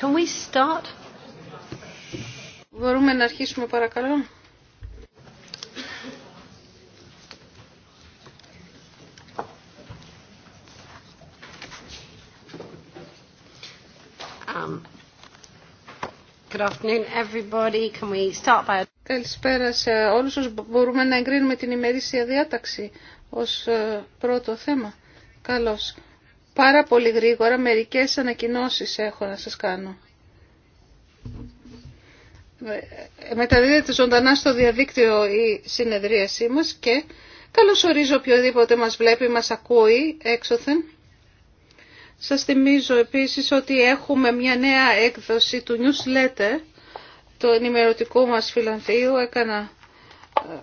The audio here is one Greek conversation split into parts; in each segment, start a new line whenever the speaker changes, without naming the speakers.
Can we start? Μπορούμε να αρχίσουμε παρακαλώ. Um, good afternoon everybody. Can we start by... Καλησπέρα σε όλους Μπορούμε να εγκρίνουμε την ημερήσια διάταξη ως ε, πρώτο θέμα. Καλώς πάρα πολύ γρήγορα μερικές ανακοινώσεις έχω να σας κάνω. Μεταδίδεται ζωντανά στο διαδίκτυο η συνεδρίασή μας και ορίζω οποιοδήποτε μας βλέπει, μας ακούει έξωθεν. Σας θυμίζω επίσης ότι έχουμε μια νέα έκδοση του newsletter το ενημερωτικού μας φιλανθείου. Έκανα ε,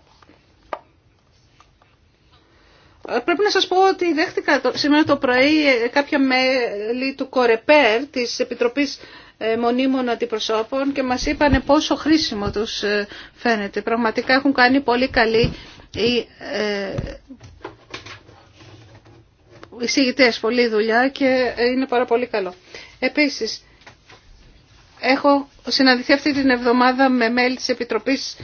Πρέπει να σας πω ότι δέχτηκα σήμερα το πρωί ε, κάποια μέλη του ΚΟΡΕΠΕΡ, της Επιτροπής ε, Μονίμων Αντιπροσώπων και μας είπανε πόσο χρήσιμο τους ε, φαίνεται. Πραγματικά έχουν κάνει πολύ καλή οι εισηγητές, πολλή δουλειά και είναι πάρα πολύ καλό. Επίσης, έχω συναντηθεί αυτή την εβδομάδα με μέλη της Επιτροπής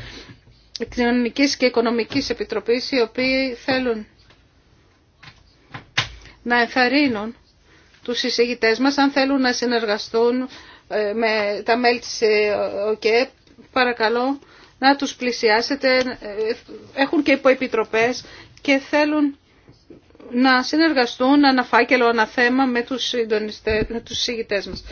Κοινωνικής και Οικονομικής Επιτροπής, οι οποίοι θέλουν να εθαρρύνουν τους συζητητέ μας αν θέλουν να συνεργαστούν ε, με τα μέλη της ε, ΟΚΕ. Παρακαλώ να τους πλησιάσετε. Ε, έχουν και υποεπιτροπές και θέλουν να συνεργαστούν να φάκελο, με τους, με τους μας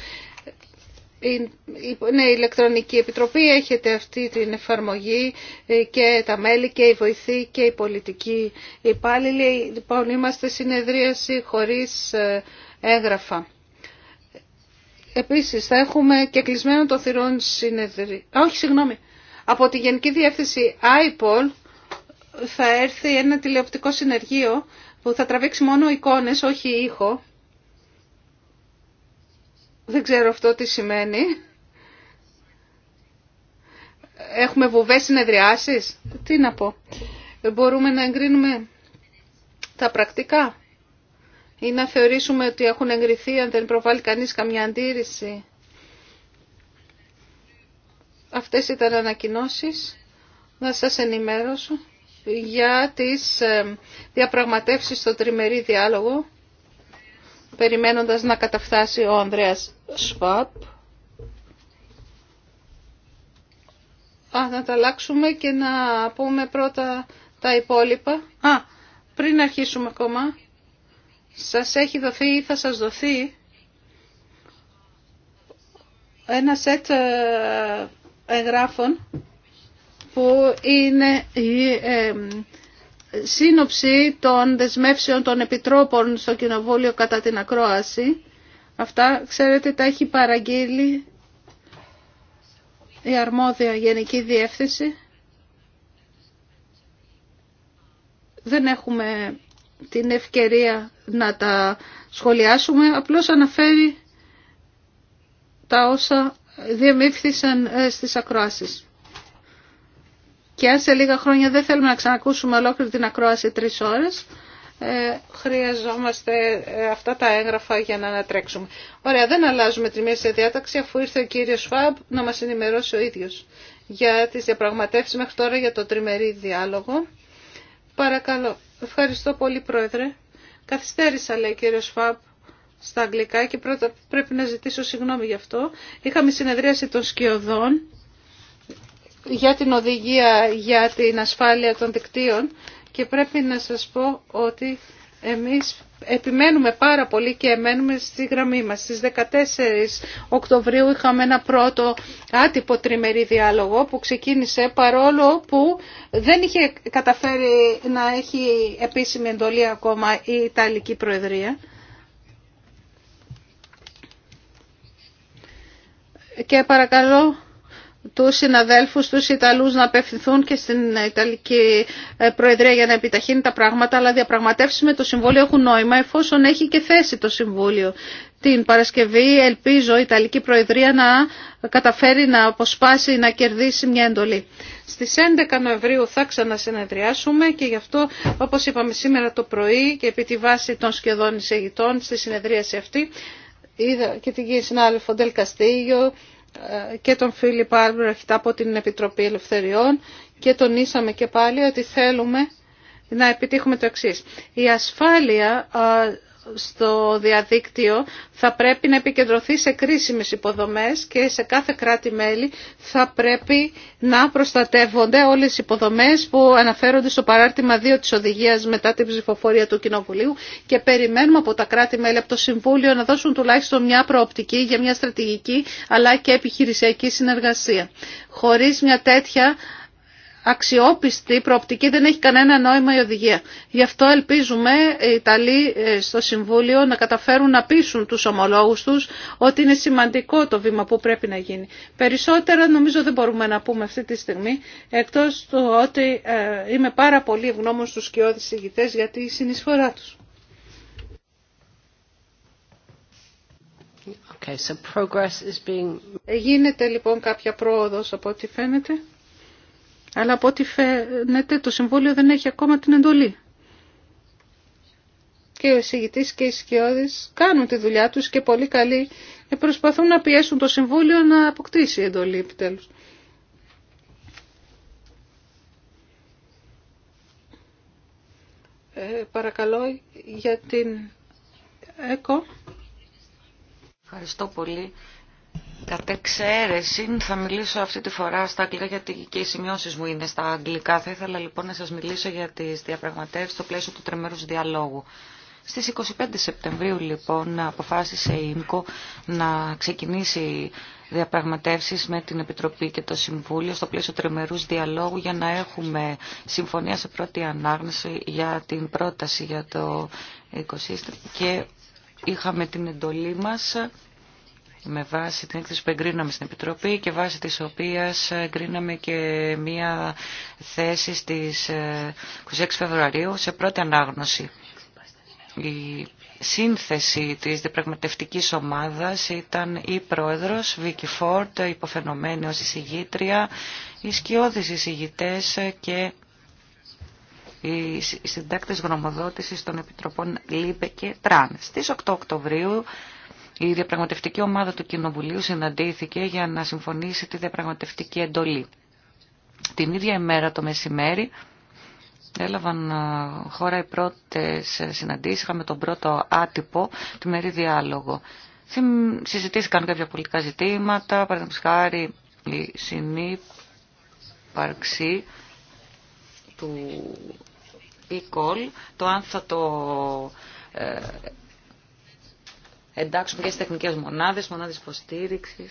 είναι η ηλεκτρονική επιτροπή, έχετε αυτή την εφαρμογή ε, και τα μέλη και η βοηθή και η πολιτική υπάλληλοι. Λοιπόν, είμαστε συνεδρίαση χωρίς ε, έγγραφα. Επίσης, θα έχουμε και κλεισμένο το θηρόν συνεδρία. Όχι, συγγνώμη. Από τη Γενική Διεύθυνση IPOL θα έρθει ένα τηλεοπτικό συνεργείο που θα τραβήξει μόνο εικόνες, όχι ήχο. Δεν ξέρω αυτό τι σημαίνει. Έχουμε βουβές συνεδριάσεις. Τι να πω. Μπορούμε να εγκρίνουμε τα πρακτικά ή να θεωρήσουμε ότι έχουν εγκριθεί αν δεν προβάλλει κανείς καμιά αντίρρηση. Αυτές ήταν ανακοινώσεις. Να σας ενημέρωσω για τις ε, διαπραγματεύσεις στο τριμερή διάλογο περιμένοντας να καταφτάσει ο Ανδρέας Σβάπ. Α, να τα αλλάξουμε και να πούμε πρώτα τα υπόλοιπα. Α, πριν αρχίσουμε ακόμα, σας έχει δοθεί ή θα σας δοθεί ένα σετ ε, εγγράφων που είναι ε, σύνοψη των δεσμεύσεων των επιτρόπων στο Κοινοβούλιο κατά την ακρόαση. Αυτά, ξέρετε, τα έχει παραγγείλει η αρμόδια Γενική Διεύθυνση. Δεν έχουμε την ευκαιρία να τα σχολιάσουμε. Απλώς αναφέρει τα όσα διεμήφθησαν ε, στις ακροάσεις και αν σε λίγα χρόνια δεν θέλουμε να ξανακούσουμε ολόκληρη την ακρόαση τρει ώρε. ε, χρειαζόμαστε ε, αυτά τα έγγραφα για να ανατρέξουμε. Ωραία, δεν αλλάζουμε τη μέση διάταξη αφού ήρθε ο κύριο Φαμπ να μα ενημερώσει ο ίδιο για τι διαπραγματεύσει μέχρι τώρα για το τριμερή διάλογο. Παρακαλώ. Ευχαριστώ πολύ Πρόεδρε. Καθυστέρησα λέει ο κύριο Φαμπ στα αγγλικά και πρώτα πρέπει να ζητήσω συγγνώμη γι' αυτό. Είχαμε συνεδρίαση των σκιωδών για την οδηγία για την ασφάλεια των δικτύων και πρέπει να σας πω ότι εμείς επιμένουμε πάρα πολύ και εμένουμε στη γραμμή μας. Στις 14 Οκτωβρίου είχαμε ένα πρώτο άτυπο τριμερή διάλογο που ξεκίνησε παρόλο που δεν είχε καταφέρει να έχει επίσημη εντολή ακόμα η Ιταλική Προεδρία. Και παρακαλώ τους συναδέλφους τους Ιταλούς να απευθυνθούν και στην Ιταλική ε, Προεδρία για να επιταχύνει τα πράγματα, αλλά διαπραγματεύσεις με το Συμβούλιο έχουν νόημα εφόσον έχει και θέση το Συμβούλιο. Την Παρασκευή ελπίζω η Ιταλική Προεδρία να καταφέρει να αποσπάσει, να κερδίσει μια εντολή. Στις 11 Νοεμβρίου θα ξανασυνεδριάσουμε και γι' αυτό όπως είπαμε σήμερα το πρωί και επί τη βάση των σχεδόν εισηγητών στη συνεδρίαση αυτή είδα και την κυρία συνάδελφο Ντελ Καστίγιο, ε, και τον Φίλιπ Άλμπρεχτ από την Επιτροπή Ελευθεριών και τονίσαμε και πάλι ότι θέλουμε να επιτύχουμε το εξής. Η ασφάλεια ε, στο διαδίκτυο θα πρέπει να επικεντρωθεί σε κρίσιμες υποδομές και σε κάθε κράτη-μέλη θα πρέπει να προστατεύονται όλες οι υποδομές που αναφέρονται στο παράρτημα 2 της οδηγίας μετά την ψηφοφορία του Κοινοβουλίου και περιμένουμε από τα κράτη-μέλη, από το Συμβούλιο να δώσουν τουλάχιστον μια προοπτική για μια στρατηγική αλλά και επιχειρησιακή συνεργασία. Χωρίς μια τέτοια αξιόπιστη προοπτική δεν έχει κανένα νόημα η οδηγία. Γι' αυτό ελπίζουμε οι Ιταλοί ε, στο Συμβούλιο να καταφέρουν να πείσουν τους ομολόγους τους ότι είναι σημαντικό το βήμα που πρέπει να γίνει. Περισσότερα νομίζω δεν μπορούμε να πούμε αυτή τη στιγμή, εκτός του ότι ε, είμαι πάρα πολύ ευγνώμων στους σκιώδεις ηγητές για τη συνεισφορά τους. Okay, so is being... Ε, γίνεται λοιπόν κάποια πρόοδος από ό,τι φαίνεται. Αλλά από ό,τι φαίνεται το Συμβούλιο δεν έχει ακόμα την εντολή. Και ο εισηγητής και οι σκιώδεις κάνουν τη δουλειά τους και πολύ καλοί ε, προσπαθούν να πιέσουν το Συμβούλιο να αποκτήσει εντολή επιτέλους. Ε, παρακαλώ για την ΕΚΟ.
Ευχαριστώ πολύ. Κατ' εξαίρεση θα μιλήσω αυτή τη φορά στα αγγλικά γιατί και οι σημειώσεις μου είναι στα αγγλικά. Θα ήθελα λοιπόν να σας μιλήσω για τις διαπραγματεύσεις στο πλαίσιο του τρεμερούς διαλόγου. Στις 25 Σεπτεμβρίου λοιπόν αποφάσισε η ΙΜΚΟ να ξεκινήσει διαπραγματεύσεις με την Επιτροπή και το Συμβούλιο στο πλαίσιο τρεμερούς διαλόγου για να έχουμε συμφωνία σε πρώτη ανάγνωση για την πρόταση για το οικοσύστημα και είχαμε την εντολή μας με βάση την έκθεση που εγκρίναμε στην Επιτροπή και βάσει της οποίας εγκρίναμε και μία θέση στις 26 ε, Φεβρουαρίου σε πρώτη ανάγνωση. Η σύνθεση της διπραγματευτικής ομάδας ήταν η πρόεδρος Βίκη Φόρτ, υποφαινομένη ως εισηγήτρια, οι σκιώδεις εισηγητές και οι συντάκτες γνωμοδότησης των Επιτροπών ΛΥΠΕ και ΤΡΑΝ. Στις 8 Οκτωβρίου η διαπραγματευτική ομάδα του Κοινοβουλίου συναντήθηκε για να συμφωνήσει τη διαπραγματευτική εντολή. Την ίδια ημέρα το μεσημέρι έλαβαν χώρα οι πρώτες συναντήσεις, είχαμε τον πρώτο άτυπο του μερή διάλογο. Συζητήθηκαν κάποια πολιτικά ζητήματα, παραδείγματος χάρη η συνύπαρξη του e-call, το αν θα το ε, εντάξουμε και στις τεχνικές μονάδες, μονάδες υποστήριξη.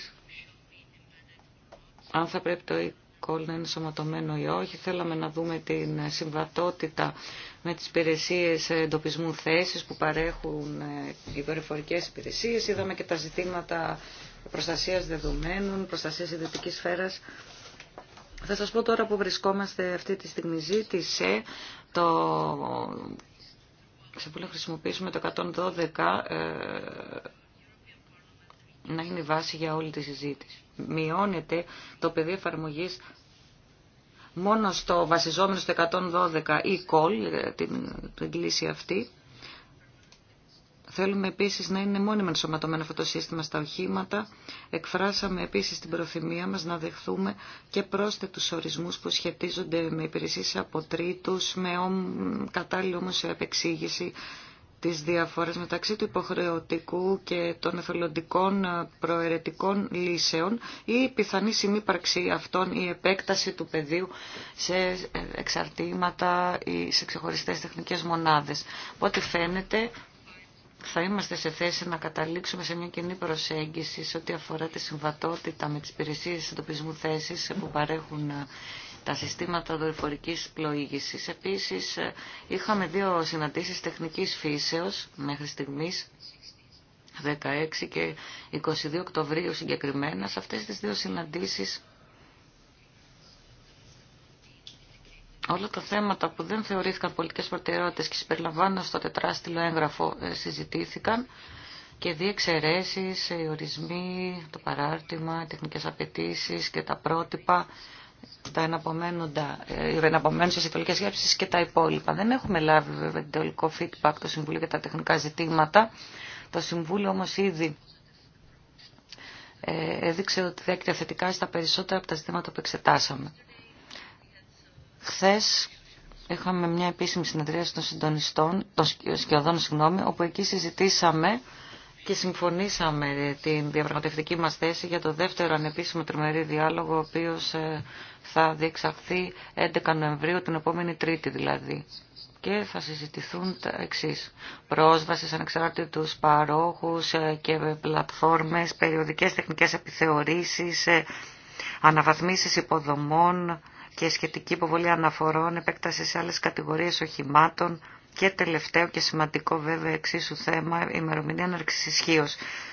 αν θα πρέπει το e-call να είναι σωματωμένο ή όχι. Θέλαμε να δούμε την συμβατότητα με τις υπηρεσίε εντοπισμού θέσης που παρέχουν ε, οι δορυφορικέ υπηρεσίες. Είδαμε και τα ζητήματα προστασίας δεδομένων, προστασίας ιδιωτικής σφαίρας. Θα σας πω τώρα που βρισκόμαστε αυτή τη στιγμή. Ζήτησε το Συμβούλιο χρησιμοποιήσουμε το 112 ε, να είναι η βάση για όλη τη συζήτηση. Μειώνεται το πεδίο εφαρμογή μόνο στο βασιζόμενο στο 112 ή e call, ε, την, την κλίση αυτή, Θέλουμε επίσης να είναι μόνιμα ενσωματωμένο αυτό το σύστημα στα οχήματα. Εκφράσαμε επίσης την προθυμία μα να δεχθούμε και πρόσθετου ορισμούς που σχετίζονται με υπηρεσίε από τρίτου, με κατάλληλη όμω επεξήγηση της διαφορές μεταξύ του υποχρεωτικού και των εθελοντικών προαιρετικών λύσεων ή η πιθανή συνύπαρξη αυτών επέκταση του πεδίου σε εξαρτήματα ή σε ξεχωριστέ τεχνικές μονάδες. Ό,τι φαίνεται θα είμαστε σε θέση να καταλήξουμε σε μια κοινή προσέγγιση σε ό,τι αφορά τη συμβατότητα με τις υπηρεσίε εντοπισμού θέσης που παρέχουν ε, τα συστήματα δορυφορικής πλοήγησης. Επίσης, ε, είχαμε δύο συναντήσεις τεχνικής φύσεως μέχρι στιγμής, 16 και 22 Οκτωβρίου συγκεκριμένα. Σε αυτές τις δύο συναντήσεις όλα τα θέματα που δεν θεωρήθηκαν πολιτικές προτεραιότητες και συμπεριλαμβάνονται στο τετράστιλο έγγραφο ε, συζητήθηκαν και δύο ε, οι ορισμοί, το παράρτημα, οι τεχνικές απαιτήσει και τα πρότυπα, τα ε, εναπομένουσες εκλογικές γεύσεις και τα υπόλοιπα. Δεν έχουμε λάβει βέβαια την τελικό feedback το Συμβούλιο για τα τεχνικά ζητήματα. Το Συμβούλιο όμως ήδη έδειξε ότι δέκτυα θετικά στα περισσότερα από τα ζητήματα που εξετάσαμε. Χθες είχαμε μια επίσημη συνεδρία των συντονιστών, των σκιωδών, συγγνώμη, όπου εκεί συζητήσαμε και συμφωνήσαμε την διαπραγματευτική μας θέση για το δεύτερο ανεπίσημο τριμερή διάλογο, ο οποίος ε, θα διεξαχθεί 11 Νοεμβρίου, την επόμενη Τρίτη δηλαδή. Και θα συζητηθούν τα εξή. Πρόσβαση σε ανεξάρτητους παρόχους ε, και πλατφόρμες, περιοδικές τεχνικές επιθεωρήσεις, ε, αναβαθμίσεις υποδομών, και σχετική υποβολή αναφορών, επέκταση σε άλλες κατηγορίες οχημάτων και τελευταίο και σημαντικό βέβαια εξίσου θέμα, ημερομηνία έναρξη ισχύω.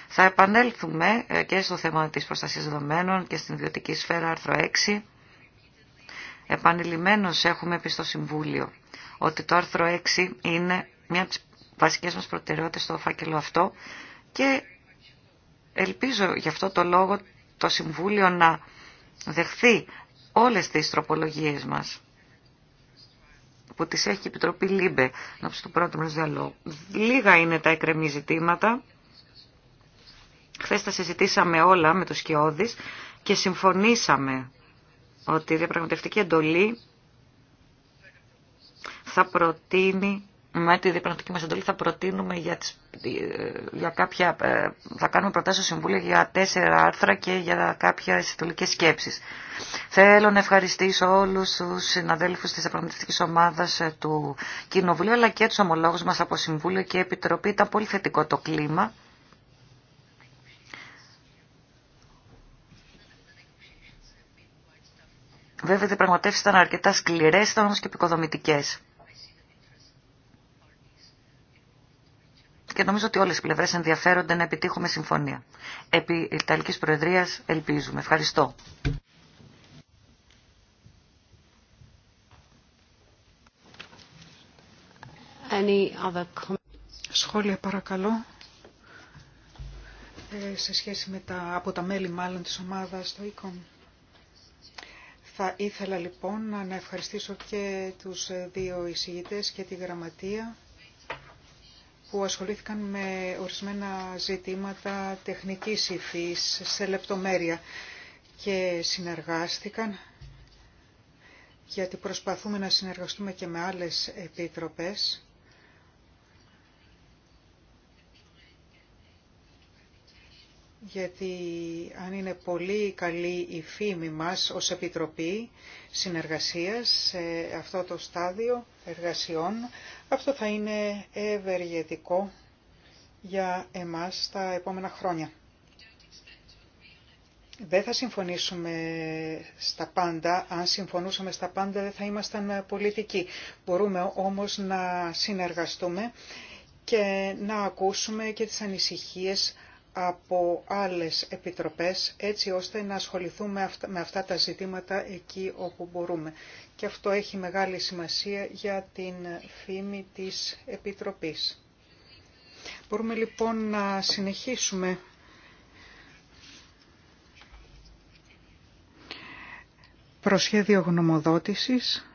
Θα επανέλθουμε ε, και στο θέμα της προστασίας δεδομένων και στην ιδιωτική σφαίρα άρθρο 6. Επανειλημμένως έχουμε πει στο Συμβούλιο ότι το άρθρο 6 είναι μια από τις βασικές μας προτεραιότητες στο φάκελο αυτό και ελπίζω γι' αυτό το λόγο το Συμβούλιο να δεχθεί όλες τις τροπολογίες μας που τις έχει η Επιτροπή ΛΥΜΠΕ να του πρώτου μας διαλόγου. Λίγα είναι τα εκρεμή ζητήματα. Χθες τα συζητήσαμε όλα με τους Σκιώδης και συμφωνήσαμε ότι η διαπραγματευτική εντολή θα προτείνει με τη διπλωματική μα εντολή θα προτείνουμε για, για κάποια, ε, θα κάνουμε προτάσει στο Συμβούλιο για τέσσερα άρθρα και για κάποια συντολικέ σκέψει. Θέλω να ευχαριστήσω όλου του συναδέλφου τη διαπραγματευτικής ομάδα ε, του Κοινοβουλίου αλλά και του ομολόγου μα από Συμβούλιο και Επιτροπή. Ήταν πολύ θετικό το κλίμα. Βέβαια, οι διαπραγματεύσει ήταν αρκετά σκληρέ, ήταν όμω και επικοδομητικέ. και νομίζω ότι όλες οι πλευρές ενδιαφέρονται να επιτύχουμε συμφωνία. Επί Ιταλικής Προεδρίας ελπίζουμε. Ευχαριστώ.
Σχόλια παρακαλώ ε, σε σχέση με τα, από τα μέλη μάλλον της ομάδας το ECOM. Θα ήθελα λοιπόν να ευχαριστήσω και τους ε, δύο εισηγητές και τη γραμματεία που ασχολήθηκαν με ορισμένα ζητήματα τεχνικής υφής σε λεπτομέρεια και συνεργάστηκαν γιατί προσπαθούμε να συνεργαστούμε και με άλλες επιτροπές γιατί αν είναι πολύ καλή η φήμη μας ως Επιτροπή Συνεργασίας σε αυτό το στάδιο εργασιών, αυτό θα είναι ευεργετικό για εμάς τα επόμενα χρόνια. Δεν θα συμφωνήσουμε στα πάντα. Αν συμφωνούσαμε στα πάντα δεν θα ήμασταν πολιτικοί. Μπορούμε όμως να συνεργαστούμε και να ακούσουμε και τις ανησυχίες από άλλες επιτροπές έτσι ώστε να ασχοληθούμε με αυτά τα ζητήματα εκεί όπου μπορούμε. Και αυτό έχει μεγάλη σημασία για την φήμη της Επιτροπής. Μπορούμε λοιπόν να συνεχίσουμε προσχέδιο γνωμοδότησης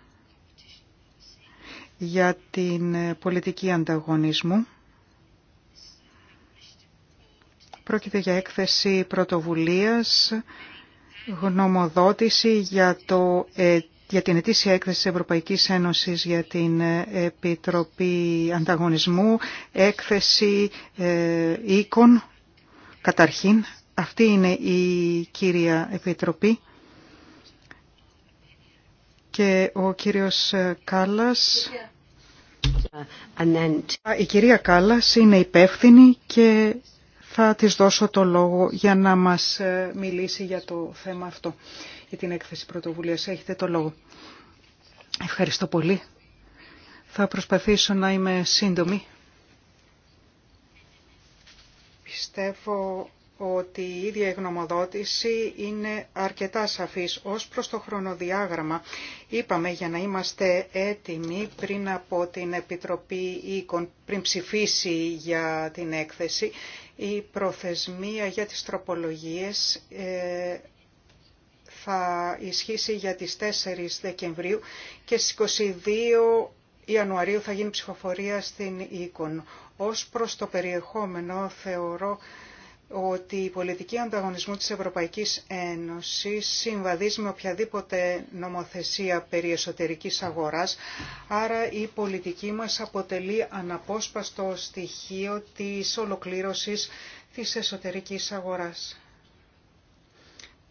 για την πολιτική ανταγωνισμού Πρόκειται για έκθεση πρωτοβουλίας, γνωμοδότηση για, το, ε, για την ετήσια έκθεση της Ευρωπαϊκής Ένωσης για την ε, Επιτροπή Ανταγωνισμού, έκθεση ε, οίκων, καταρχήν. Αυτή είναι η κύρια Επιτροπή. Και ο κύριος Κάλλας... Η κυρία Κάλλας είναι υπεύθυνη και θα της δώσω το λόγο για να μας ε, μιλήσει για το θέμα αυτό, για την έκθεση πρωτοβουλίας. Έχετε το λόγο. Ευχαριστώ πολύ. Θα προσπαθήσω να είμαι σύντομη. Πιστεύω ότι η ίδια η γνωμοδότηση είναι αρκετά σαφής ως προς το χρονοδιάγραμμα. Είπαμε για να είμαστε έτοιμοι πριν από την Επιτροπή Οίκων, πριν ψηφίσει για την έκθεση η προθεσμία για τις τροπολογίες ε, θα ισχύσει για τις 4 Δεκεμβρίου και στις 22 Ιανουαρίου θα γίνει ψηφοφορία στην Οίκον. Ως προς το περιεχόμενο θεωρώ ότι η πολιτική ανταγωνισμού της Ευρωπαϊκής Ένωσης συμβαδίζει με οποιαδήποτε νομοθεσία περί εσωτερικής αγοράς, άρα η πολιτική μας αποτελεί αναπόσπαστο στοιχείο της ολοκλήρωσης της εσωτερικής αγοράς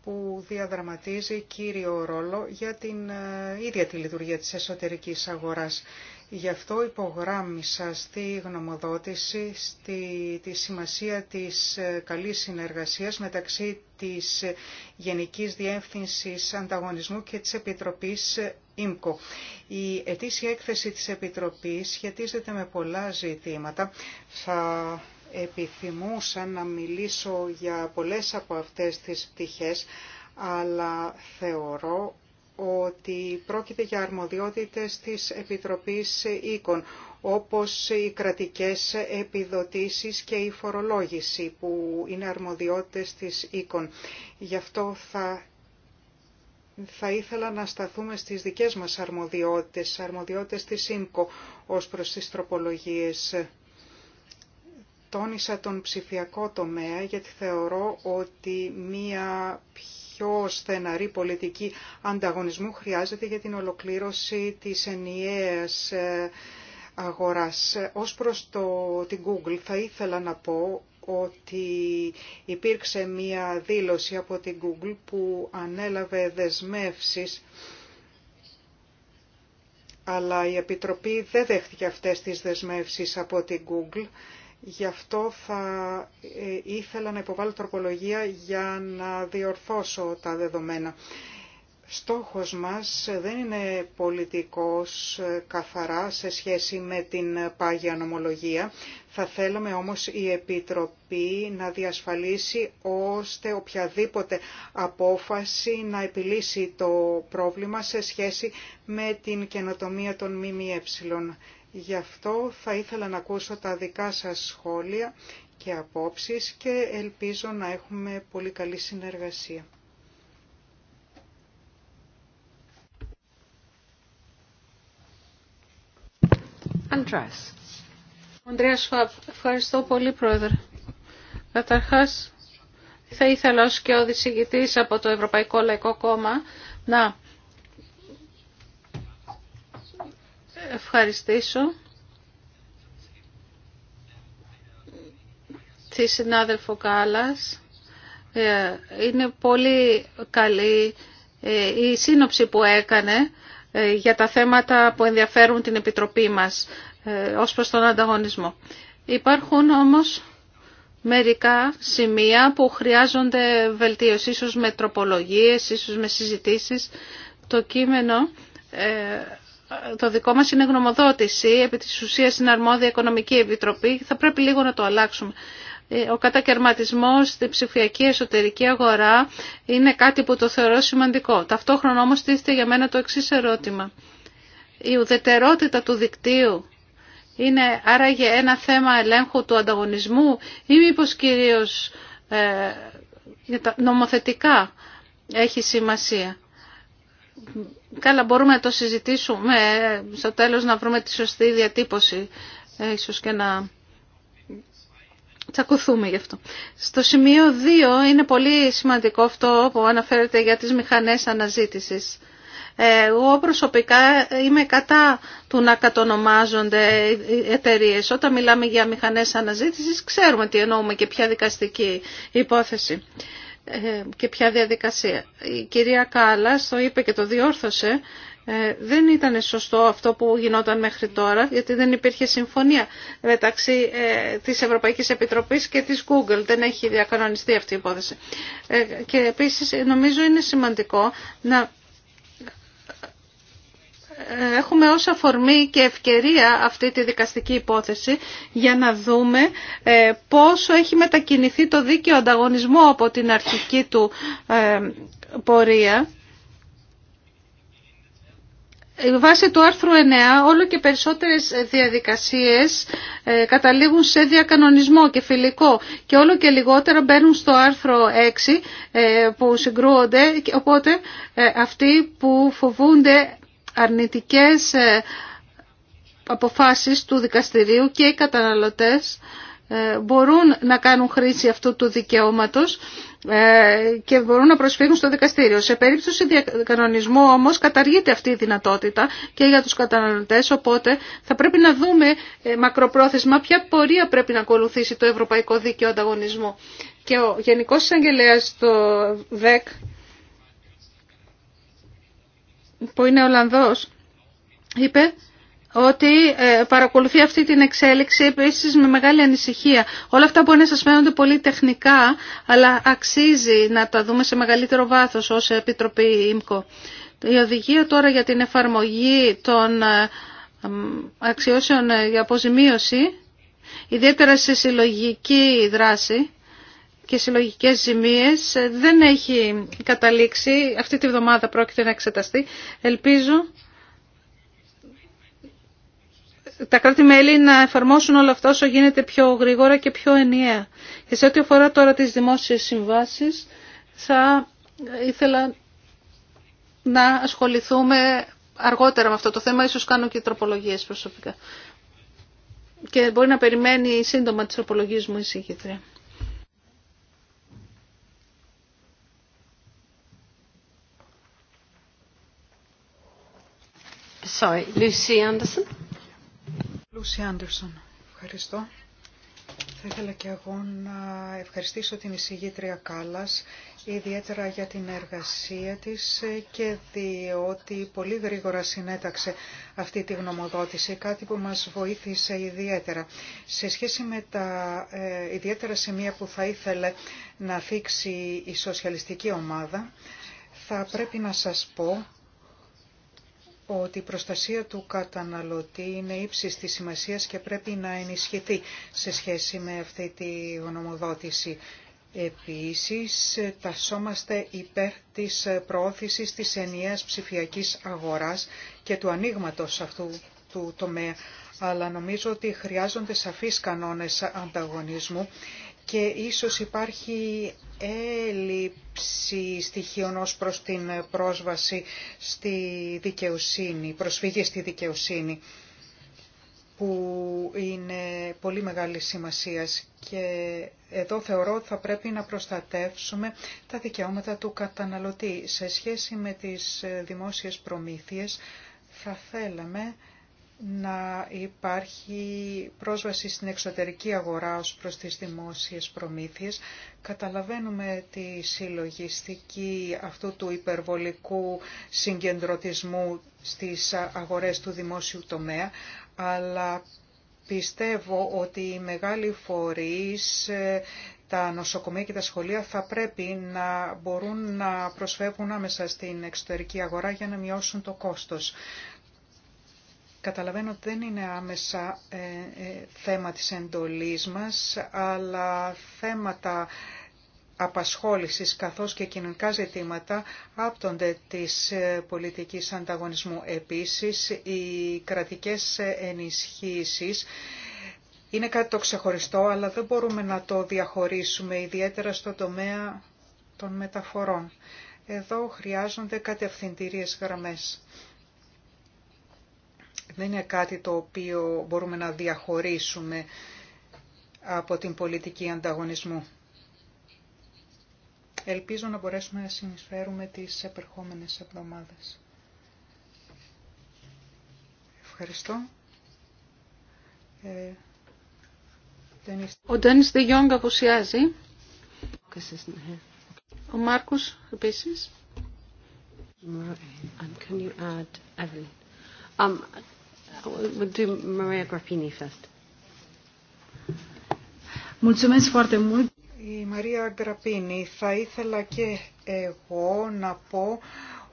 που διαδραματίζει κύριο ρόλο για την ε, ίδια τη λειτουργία της εσωτερικής αγοράς. Γι' αυτό υπογράμμισα στη γνωμοδότηση στη, τη σημασία της ε, καλής συνεργασίας μεταξύ της ε, Γενικής Διεύθυνσης Ανταγωνισμού και της Επιτροπής ε, ΙΜΚΟ. Η ετήσια έκθεση της Επιτροπής σχετίζεται με πολλά ζητήματα. Θα επιθυμούσα να μιλήσω για πολλές από αυτές τις πτυχές, αλλά θεωρώ ότι πρόκειται για αρμοδιότητες της Επιτροπής Οίκων, όπως οι κρατικές επιδοτήσεις και η φορολόγηση που είναι αρμοδιότητες της Οίκων. Γι' αυτό θα, ήθελα να σταθούμε στις δικές μας αρμοδιότητες, αρμοδιότητες της ΙΜΚΟ ως προς τις τροπολογίες. Τόνισα τον ψηφιακό τομέα γιατί θεωρώ ότι μία πιο στεναρή πολιτική ανταγωνισμού χρειάζεται για την ολοκλήρωση της ενιαίας ε, αγοράς. Ως προς το, την Google θα ήθελα να πω ότι υπήρξε μία δήλωση από την Google που ανέλαβε δεσμεύσεις αλλά η Επιτροπή δεν δέχτηκε αυτές τις δεσμεύσεις από την Google Γι' αυτό θα ε, ήθελα να υποβάλω τροπολογία για να διορθώσω τα δεδομένα. Στόχος μας δεν είναι πολιτικός ε, καθαρά σε σχέση με την πάγια νομολογία. Θα θέλαμε όμως η Επιτροπή να διασφαλίσει ώστε οποιαδήποτε απόφαση να επιλύσει το πρόβλημα σε σχέση με την καινοτομία των ΜΜΕ. Γι' αυτό θα ήθελα να ακούσω τα δικά σας σχόλια και απόψεις και ελπίζω να έχουμε πολύ καλή συνεργασία.
Αντρέας. Αντρέας, ευχαριστώ πολύ Πρόεδρε. Καταρχάς θα ήθελα ως και ο από το Ευρωπαϊκό Λαϊκό Κόμμα να ευχαριστήσω τη συνάδελφο Κάλλας. Ε, είναι πολύ καλή ε, η σύνοψη που έκανε ε, για τα θέματα που ενδιαφέρουν την Επιτροπή μας ως προς τον ανταγωνισμό. Υπάρχουν όμως μερικά σημεία που χρειάζονται βελτίωση, ίσως με τροπολογίες, ίσως με συζητήσεις. Το κείμενο ε, το δικό μας είναι γνωμοδότηση, επί της ουσίας είναι αρμόδια οικονομική επιτροπή, θα πρέπει λίγο να το αλλάξουμε. Ε, ο κατακαιρματισμός στην ψηφιακή εσωτερική αγορά είναι κάτι που το θεωρώ σημαντικό. Ταυτόχρονα όμως τίθεται για μένα το εξής ερώτημα. Η ουδετερότητα του δικτύου είναι άραγε ένα θέμα ελέγχου του ανταγωνισμού ή μήπως κυρίως ε, νομοθετικά έχει σημασία. Καλά, μπορούμε να το συζητήσουμε. Στο τέλος να βρούμε τη σωστή διατύπωση. Ε, ίσως και να τσακωθούμε γι' αυτό. Στο σημείο 2 είναι πολύ σημαντικό αυτό που αναφέρεται για τις μηχανές αναζήτησης. Εγώ προσωπικά είμαι κατά του να κατονομάζονται εταιρείε. Όταν μιλάμε για μηχανές αναζήτησης ξέρουμε τι εννοούμε και ποια δικαστική υπόθεση. Ε, και ποια διαδικασία. Η κυρία Κάλλας το είπε και το διόρθωσε, ε, δεν ήταν σωστό αυτό που γινόταν μέχρι τώρα, γιατί δεν υπήρχε συμφωνία μεταξύ ε, της Ευρωπαϊκής Επιτροπής και της Google. Δεν έχει διακανονιστεί αυτή η υπόθεση. Και επίσης νομίζω είναι σημαντικό να έχουμε ως αφορμή και ευκαιρία αυτή τη δικαστική υπόθεση για να δούμε ε, πόσο έχει μετακινηθεί το δίκαιο ανταγωνισμό από την αρχική του ε, πορεία. Ε, βάσει του άρθρου 9, όλο και περισσότερες διαδικασίες καταλήγουν σε διακανονισμό και φιλικό και όλο και λιγότερα μπαίνουν στο άρθρο 6 που συγκρούονται, οπότε αυτοί που φοβούνται αρνητικές ε, αποφάσεις του δικαστηρίου και οι καταναλωτές ε, μπορούν να κάνουν χρήση αυτού του δικαιώματος ε, και μπορούν να προσφύγουν στο δικαστήριο. Σε περίπτωση διακανονισμού όμως καταργείται αυτή η δυνατότητα και για τους καταναλωτές, οπότε θα πρέπει να δούμε μακροπρόθεσμα ποια πορεία πρέπει να ακολουθήσει το Ευρωπαϊκό Δίκαιο Ανταγωνισμού. Και ο Γενικός Εισαγγελέας στο ΔΕΚ που είναι Ολλανδός, είπε ότι ε, παρακολουθεί αυτή την εξέλιξη επίσης με μεγάλη ανησυχία. Όλα αυτά μπορεί να σας φαίνονται πολύ τεχνικά, αλλά αξίζει να τα δούμε σε μεγαλύτερο βάθος ως Επιτροπή ΙΜΚΟ. Η οδηγία τώρα για την εφαρμογή των ε, ε, αξιώσεων για αποζημίωση, ιδιαίτερα σε συλλογική δράση, και συλλογικές ζημίες ε, δεν έχει καταλήξει. Αυτή τη βδομάδα πρόκειται να εξεταστεί. Ελπίζω τα κράτη-μέλη να εφαρμόσουν όλα αυτά όσο γίνεται πιο γρήγορα και πιο ενιαία. Και σε ό,τι αφορά τώρα τις δημόσιες συμβάσεις, θα ήθελα να ασχοληθούμε αργότερα με αυτό το θέμα. Ίσως κάνω και τροπολογίες προσωπικά. Και μπορεί να περιμένει σύντομα τις τροπολογίες μου η συγκεκριά.
Sorry, Lucy Anderson. Anderson. Ευχαριστώ. Θα ήθελα και εγώ να ευχαριστήσω την εισηγήτρια Κάλλας, ιδιαίτερα για την εργασία της και διότι πολύ γρήγορα συνέταξε αυτή τη γνωμοδότηση, κάτι που μας βοήθησε ιδιαίτερα. Σε σχέση με τα ε, ιδιαίτερα σημεία που θα ήθελε να θίξει η σοσιαλιστική ομάδα, θα πρέπει να σας πω ότι η προστασία του καταναλωτή είναι ύψης της σημασίας και πρέπει να ενισχυθεί σε σχέση με αυτή τη γνωμοδότηση. Επίσης, τασόμαστε υπέρ της προώθησης της ενιαίας ψηφιακής αγοράς και του ανοίγματο αυτού του τομέα, αλλά νομίζω ότι χρειάζονται σαφείς κανόνες ανταγωνισμού και ίσως υπάρχει έλλειψη στοιχείων ως προς την πρόσβαση στη δικαιοσύνη, προσφυγή στη δικαιοσύνη που είναι πολύ μεγάλη σημασία και εδώ θεωρώ ότι θα πρέπει να προστατεύσουμε τα δικαιώματα του καταναλωτή. Σε σχέση με τις δημόσιες προμήθειες θα θέλαμε να υπάρχει πρόσβαση στην εξωτερική αγορά ως προς τις δημόσιες προμήθειες. Καταλαβαίνουμε τη συλλογιστική αυτού του υπερβολικού συγκεντρωτισμού στις αγορές του δημόσιου τομέα, αλλά πιστεύω ότι οι μεγάλοι φορείς ε, τα νοσοκομεία και τα σχολεία θα πρέπει να μπορούν να προσφεύγουν άμεσα στην εξωτερική αγορά για να μειώσουν το κόστος. Καταλαβαίνω ότι δεν είναι άμεσα ε, ε, θέμα της εντολής μας, αλλά θέματα απασχόλησης καθώς και κοινωνικά ζητήματα άπτονται της ε, πολιτικής ανταγωνισμού. Επίσης, οι κρατικές ενισχύσεις είναι κάτι το ξεχωριστό, αλλά δεν μπορούμε να το διαχωρίσουμε, ιδιαίτερα στο τομέα των μεταφορών. Εδώ χρειάζονται κατευθυντήριες γραμμές. Δεν είναι κάτι το οποίο μπορούμε να διαχωρίσουμε από την πολιτική ανταγωνισμού. Ελπίζω να μπορέσουμε να συνεισφέρουμε τις επερχόμενες εβδομάδες. Ευχαριστώ. Ε,
Ο Ντένις Γιόγκ αποσιάζει. Ο Μάρκος επίσης.
Η Μαρία Γκραπίνη, θα ήθελα και εγώ να πω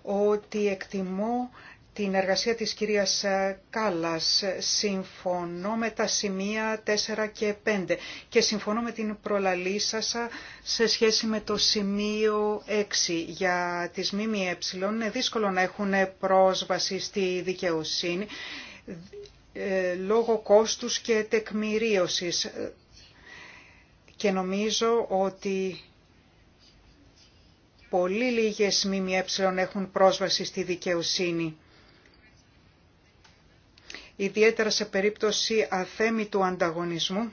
ότι εκτιμώ την εργασία της κυρίας Κάλλας. Συμφωνώ με τα σημεία 4 και 5 και συμφωνώ με την προλαλή σε σχέση με το σημείο 6. Για τις ΜΜΕ είναι δύσκολο να έχουν πρόσβαση στη δικαιοσύνη ε, λόγω κόστους και τεκμηρίωσης. Και νομίζω ότι πολύ λίγες ΜΜΕ έχουν πρόσβαση στη δικαιοσύνη. Ιδιαίτερα σε περίπτωση του ανταγωνισμού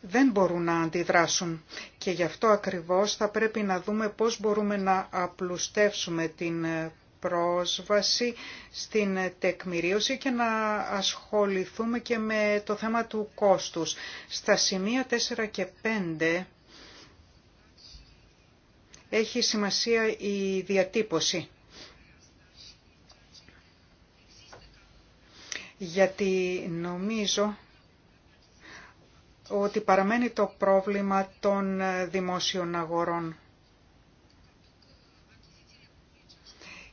δεν μπορούν να αντιδράσουν και γι' αυτό ακριβώς θα πρέπει να δούμε πώς μπορούμε να απλουστεύσουμε την ε, πρόσβαση στην τεκμηρίωση και να ασχοληθούμε και με το θέμα του κόστους. Στα σημεία 4 και 5 έχει σημασία η διατύπωση. Γιατί νομίζω ότι παραμένει το πρόβλημα των δημόσιων αγορών.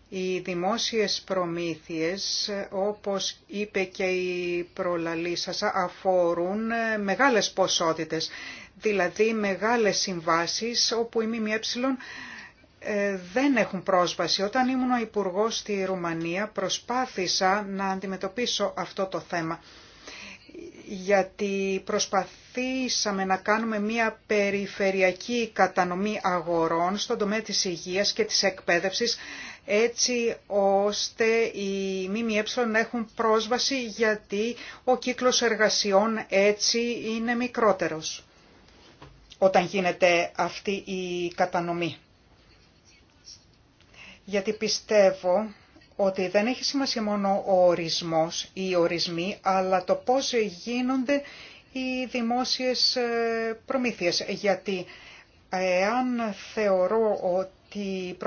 Οι δημόσιες προμήθειες, όπως είπε και η προλαλή σας, αφορούν μεγάλες ποσότητες, δηλαδή μεγάλες συμβάσεις όπου οι ΜΜΕ ε, δεν έχουν πρόσβαση. Όταν ήμουν υπουργό στη Ρουμανία προσπάθησα να αντιμετωπίσω αυτό το θέμα γιατί προσπαθήσαμε να κάνουμε μια περιφερειακή κατανομή αγορών στον τομέα της υγείας και της εκπαίδευσης έτσι ώστε οι ΜΜΕ να έχουν πρόσβαση γιατί ο κύκλος εργασιών έτσι είναι μικρότερος όταν γίνεται αυτή η κατανομή. Γιατί πιστεύω ότι δεν έχει σημασία μόνο ο ορισμός ή οι ορισμοί, αλλά το πώς γίνονται οι δημόσιες ε, προμήθειες. Γιατί εάν θεωρώ ότι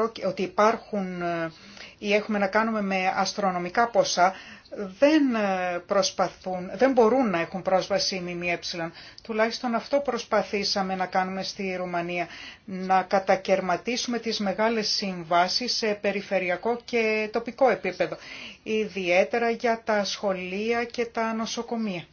ότι, ότι υπάρχουν ε, ή έχουμε να κάνουμε με αστρονομικά ποσά, δεν ε, προσπαθούν, δεν μπορούν να έχουν πρόσβαση οι ΜΜΕ. Τουλάχιστον αυτό προσπαθήσαμε να κάνουμε στη Ρουμανία, να κατακαιρματίσουμε τις μεγάλες συμβάσεις σε περιφερειακό και τοπικό επίπεδο, ιδιαίτερα για τα σχολεία και τα νοσοκομεία.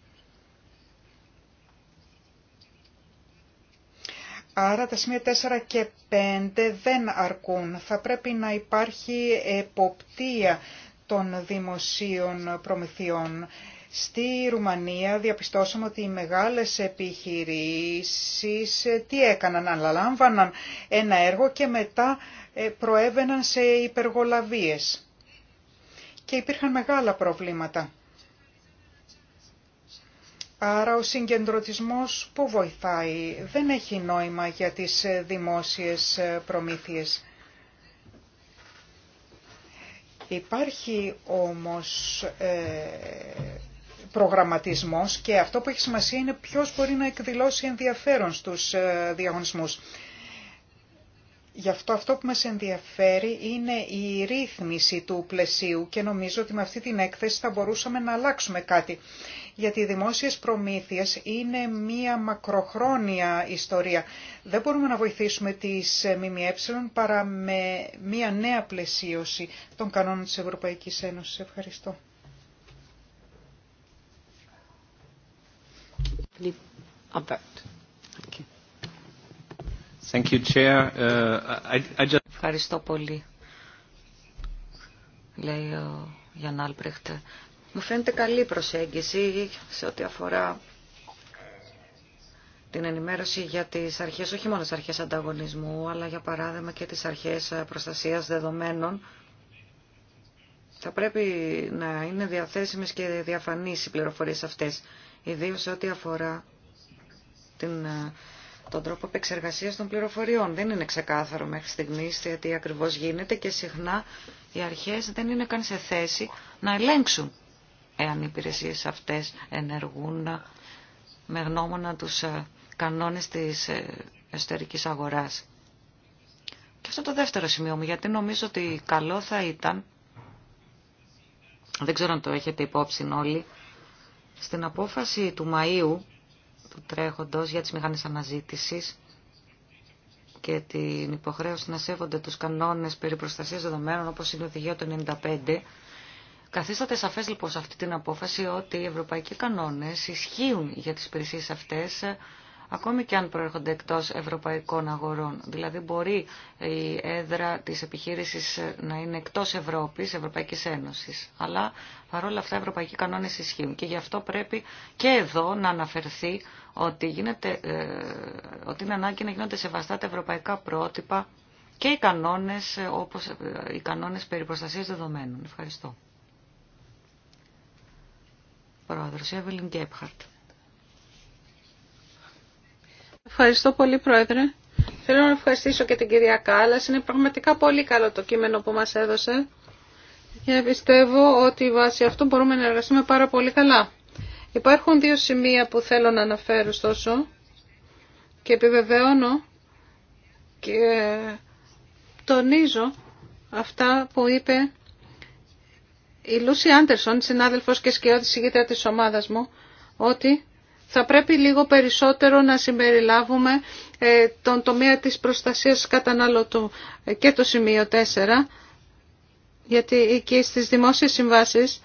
Άρα τα σημεία 4 και 5 δεν αρκούν. Θα πρέπει να υπάρχει εποπτεία των δημοσίων προμηθειών. Στη Ρουμανία διαπιστώσαμε ότι οι μεγάλες επιχειρήσεις ε, τι έκαναν, αναλάμβαναν ένα έργο και μετά ε, προέβαιναν σε υπεργολαβίες. Και υπήρχαν μεγάλα προβλήματα. Άρα ο συγκεντρωτισμός που βοηθάει δεν έχει νόημα για τις δημόσιες προμήθειες. Υπάρχει όμως ε, προγραμματισμός και αυτό που έχει σημασία είναι ποιος μπορεί να εκδηλώσει ενδιαφέρον στους ε, διαγωνισμούς. Γι' αυτό αυτό που μας ενδιαφέρει είναι η ρύθμιση του πλαισίου και νομίζω ότι με αυτή την έκθεση θα μπορούσαμε να αλλάξουμε κάτι γιατί οι δημόσιες προμήθειες είναι μία μακροχρόνια ιστορία. Δεν μπορούμε να βοηθήσουμε τις ΜΜΕ παρά με μία νέα πλαισίωση των κανόνων της Ευρωπαϊκής Ένωσης. Ευχαριστώ.
Uh, Ευχαριστώ πολύ, λέει ο μου φαίνεται καλή προσέγγιση σε ό,τι αφορά την ενημέρωση για τις αρχές, όχι μόνο τις αρχές ανταγωνισμού, αλλά για παράδειγμα και τις αρχές προστασίας δεδομένων. Θα πρέπει να είναι διαθέσιμες και διαφανείς οι πληροφορίες αυτές, ιδίως σε ό,τι αφορά την, ε, τον τρόπο επεξεργασίας των πληροφοριών. Δεν είναι ξεκάθαρο μέχρι στιγμής τι ακριβώς γίνεται και συχνά οι αρχές δεν είναι καν σε θέση να ελέγξουν εάν οι υπηρεσίες αυτές ενεργούν με γνώμονα τους ε, κανόνες της ε, εσωτερικής αγοράς. Και αυτό το δεύτερο σημείο μου, γιατί νομίζω ότι καλό θα ήταν, δεν ξέρω αν το έχετε υπόψη όλοι, στην απόφαση του Μαΐου του τρέχοντος για τις μηχανές αναζήτησης και την υποχρέωση να σέβονται τους κανόνες περί προστασίας δεδομένων όπως είναι η του 95 Καθίσταται σαφέ λοιπόν σε αυτή την απόφαση ότι οι ευρωπαϊκοί κανόνε ισχύουν για τι υπηρεσίε αυτέ, ακόμη και αν προέρχονται εκτό ευρωπαϊκών αγορών. Δηλαδή μπορεί η έδρα τη επιχείρηση να είναι εκτό Ευρώπη, Ευρωπαϊκή Ένωση. Αλλά παρόλα αυτά οι ευρωπαϊκοί κανόνε ισχύουν. Και γι' αυτό πρέπει και εδώ να αναφερθεί ότι, γίνεται, ε, ότι είναι ανάγκη να γίνονται σεβαστά τα ευρωπαϊκά πρότυπα και οι κανόνες, όπως ε, οι κανόνες περί προστασίας δεδομένων. Ευχαριστώ.
Πρόεδρος, Εύελιν Ευχαριστώ πολύ, Πρόεδρε. Θέλω να ευχαριστήσω και την κυρία Κάλλας. Είναι πραγματικά πολύ καλό το κείμενο που μας έδωσε. Και πιστεύω ότι βάσει αυτού μπορούμε να εργαστούμε πάρα πολύ καλά. Υπάρχουν δύο σημεία που θέλω να αναφέρω στόσο και επιβεβαιώνω και τονίζω αυτά που είπε η Λούση Άντερσον, συνάδελφος και σκιώτης ηγήτρια της ομάδας μου, ότι θα πρέπει λίγο περισσότερο να συμπεριλάβουμε ε, τον τομέα της προστασίας καταναλωτού ε, και το σημείο 4, γιατί εκεί στις δημόσιες συμβάσεις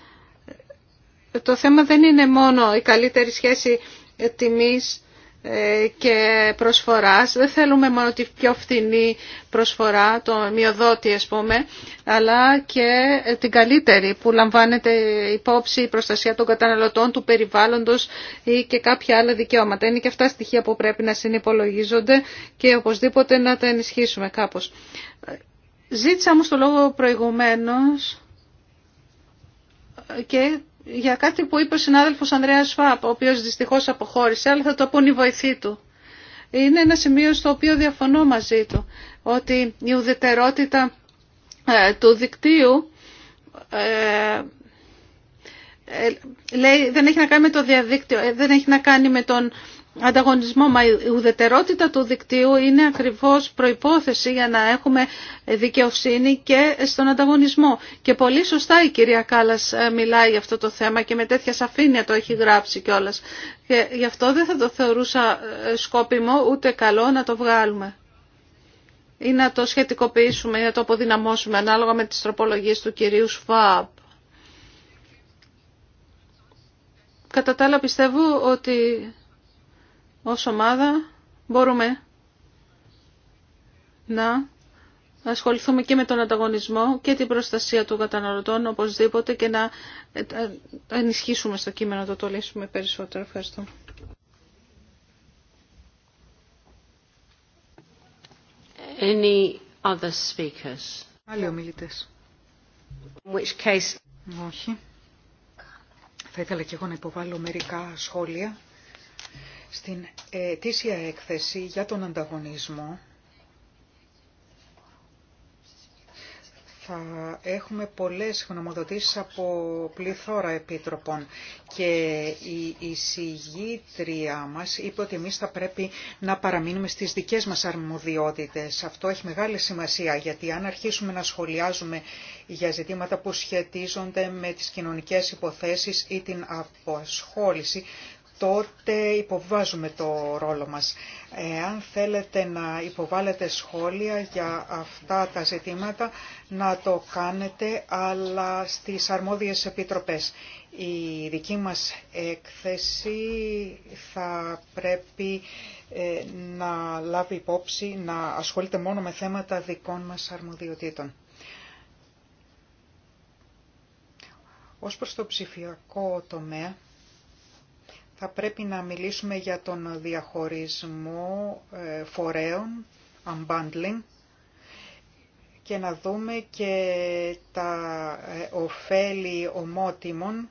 ε, το θέμα δεν είναι μόνο η καλύτερη σχέση τιμής ε, και προσφοράς. Δεν θέλουμε μόνο τη πιο φθηνή προσφορά, το μειοδότη ας πούμε, αλλά και την καλύτερη που λαμβάνεται υπόψη η προστασία των καταναλωτών, του περιβάλλοντος ή και κάποια άλλα δικαιώματα. Είναι και αυτά στοιχεία που πρέπει να συνυπολογίζονται και οπωσδήποτε να τα ενισχύσουμε κάπως. Ζήτησα όμως το λόγο προηγουμένως και για κάτι που είπε ο συνάδελφος Ανδρέας Φαπ, ο οποίος δυστυχώς αποχώρησε, αλλά θα το πούν οι βοηθοί του. Είναι ένα σημείο στο οποίο διαφωνώ μαζί του, ότι η ουδετερότητα ε, του δικτύου ε, ε, λέει, δεν έχει να κάνει με το διαδίκτυο, δεν έχει να κάνει με τον ανταγωνισμό, μα η ουδετερότητα του δικτύου είναι ακριβώς προϋπόθεση για να έχουμε δικαιοσύνη και στον ανταγωνισμό. Και πολύ σωστά η κυρία Κάλλας ε, μιλάει για αυτό το θέμα και με τέτοια σαφήνεια το έχει γράψει κιόλας. Και γι' αυτό δεν θα το θεωρούσα ε, σκόπιμο ούτε καλό να το βγάλουμε ή να το σχετικοποιήσουμε ή να το αποδυναμώσουμε ανάλογα με τις τροπολογίες του κυρίου Σφάπ. Κατά τα άλλα πιστεύω ότι ως ομάδα μπορούμε να ασχοληθούμε και με τον ανταγωνισμό και την προστασία των καταναλωτών οπωσδήποτε και να ενισχύσουμε στο κείμενο το το περισσότερο. Ευχαριστώ. Any other speakers?
Άλλοι ομιλητές. which case... Όχι. Θα ήθελα και εγώ να υποβάλω μερικά σχόλια στην ετήσια έκθεση για τον ανταγωνισμό θα έχουμε πολλές γνωμοδοτήσεις από πληθώρα επίτροπων και η εισηγήτρια μας είπε ότι εμείς θα πρέπει να παραμείνουμε στις δικές μας αρμοδιότητες. Αυτό έχει μεγάλη σημασία γιατί αν αρχίσουμε να σχολιάζουμε για ζητήματα που σχετίζονται με τις κοινωνικές υποθέσεις ή την αποσχόληση τότε υποβάζουμε το ρόλο μας. Αν θέλετε να υποβάλλετε σχόλια για αυτά τα ζητήματα, να το κάνετε, αλλά στις αρμόδιες επιτροπές. Η δική μας έκθεση θα πρέπει ε, να λάβει υπόψη, να ασχολείται μόνο με θέματα δικών μας αρμοδιοτήτων. Ως προς το ψηφιακό τομέα, θα πρέπει να μιλήσουμε για τον διαχωρισμό ε, φορέων, unbundling, και να δούμε και τα ε, ωφέλη ομότιμων,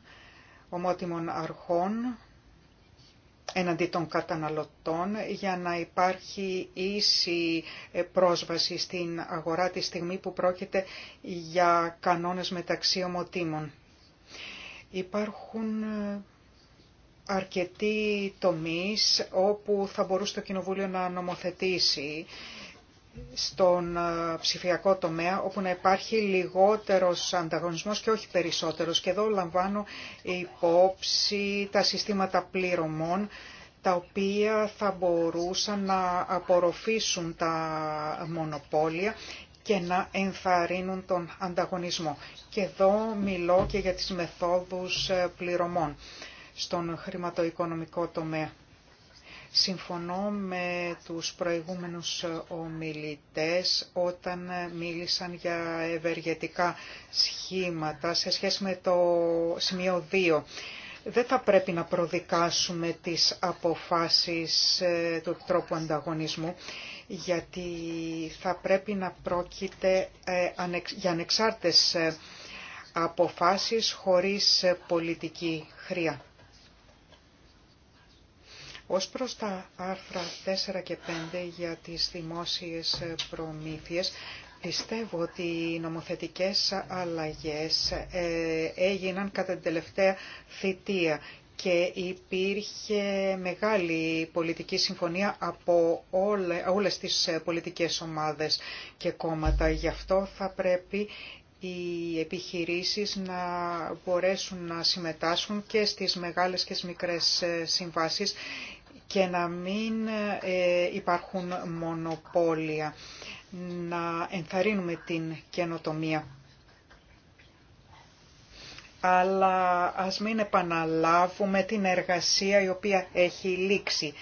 ομότιμων αρχών εναντί των καταναλωτών για να υπάρχει ίση ε, πρόσβαση στην αγορά τη στιγμή που πρόκειται για κανόνες μεταξύ ομοτήμων. Υπάρχουν αρκετοί τομείς όπου θα μπορούσε το Κοινοβούλιο να νομοθετήσει στον ε, ψηφιακό τομέα όπου να υπάρχει λιγότερος ανταγωνισμός και όχι περισσότερος. Και εδώ λαμβάνω υπόψη τα συστήματα πληρωμών τα οποία θα μπορούσαν να απορροφήσουν τα μονοπόλια και να ενθαρρύνουν τον ανταγωνισμό. Και εδώ μιλώ και για τις μεθόδους ε, πληρωμών στον χρηματοοικονομικό τομέα. Συμφωνώ με τους προηγούμενους ομιλητές όταν μίλησαν για ευεργετικά σχήματα σε σχέση με το σημείο 2. Δεν θα πρέπει να προδικάσουμε τις αποφάσεις ε, του τρόπου ανταγωνισμού γιατί θα πρέπει να πρόκειται ε, για ανεξάρτητες ε, αποφάσεις χωρίς πολιτική χρειά. Ως προς τα άρθρα 4 και 5 για τις δημόσιες προμήθειες, Πιστεύω ότι οι νομοθετικές αλλαγές ε, έγιναν κατά την τελευταία θητεία και υπήρχε μεγάλη πολιτική συμφωνία από όλες τις πολιτικές ομάδες και κόμματα. Γι' αυτό θα πρέπει οι επιχειρήσεις να μπορέσουν να συμμετάσχουν και στις μεγάλες και στις μικρές συμβάσεις και να μην ε, υπάρχουν μονοπόλια. Να ενθαρρύνουμε την καινοτομία. Αλλά ας μην επαναλάβουμε την εργασία η οποία έχει λήξει.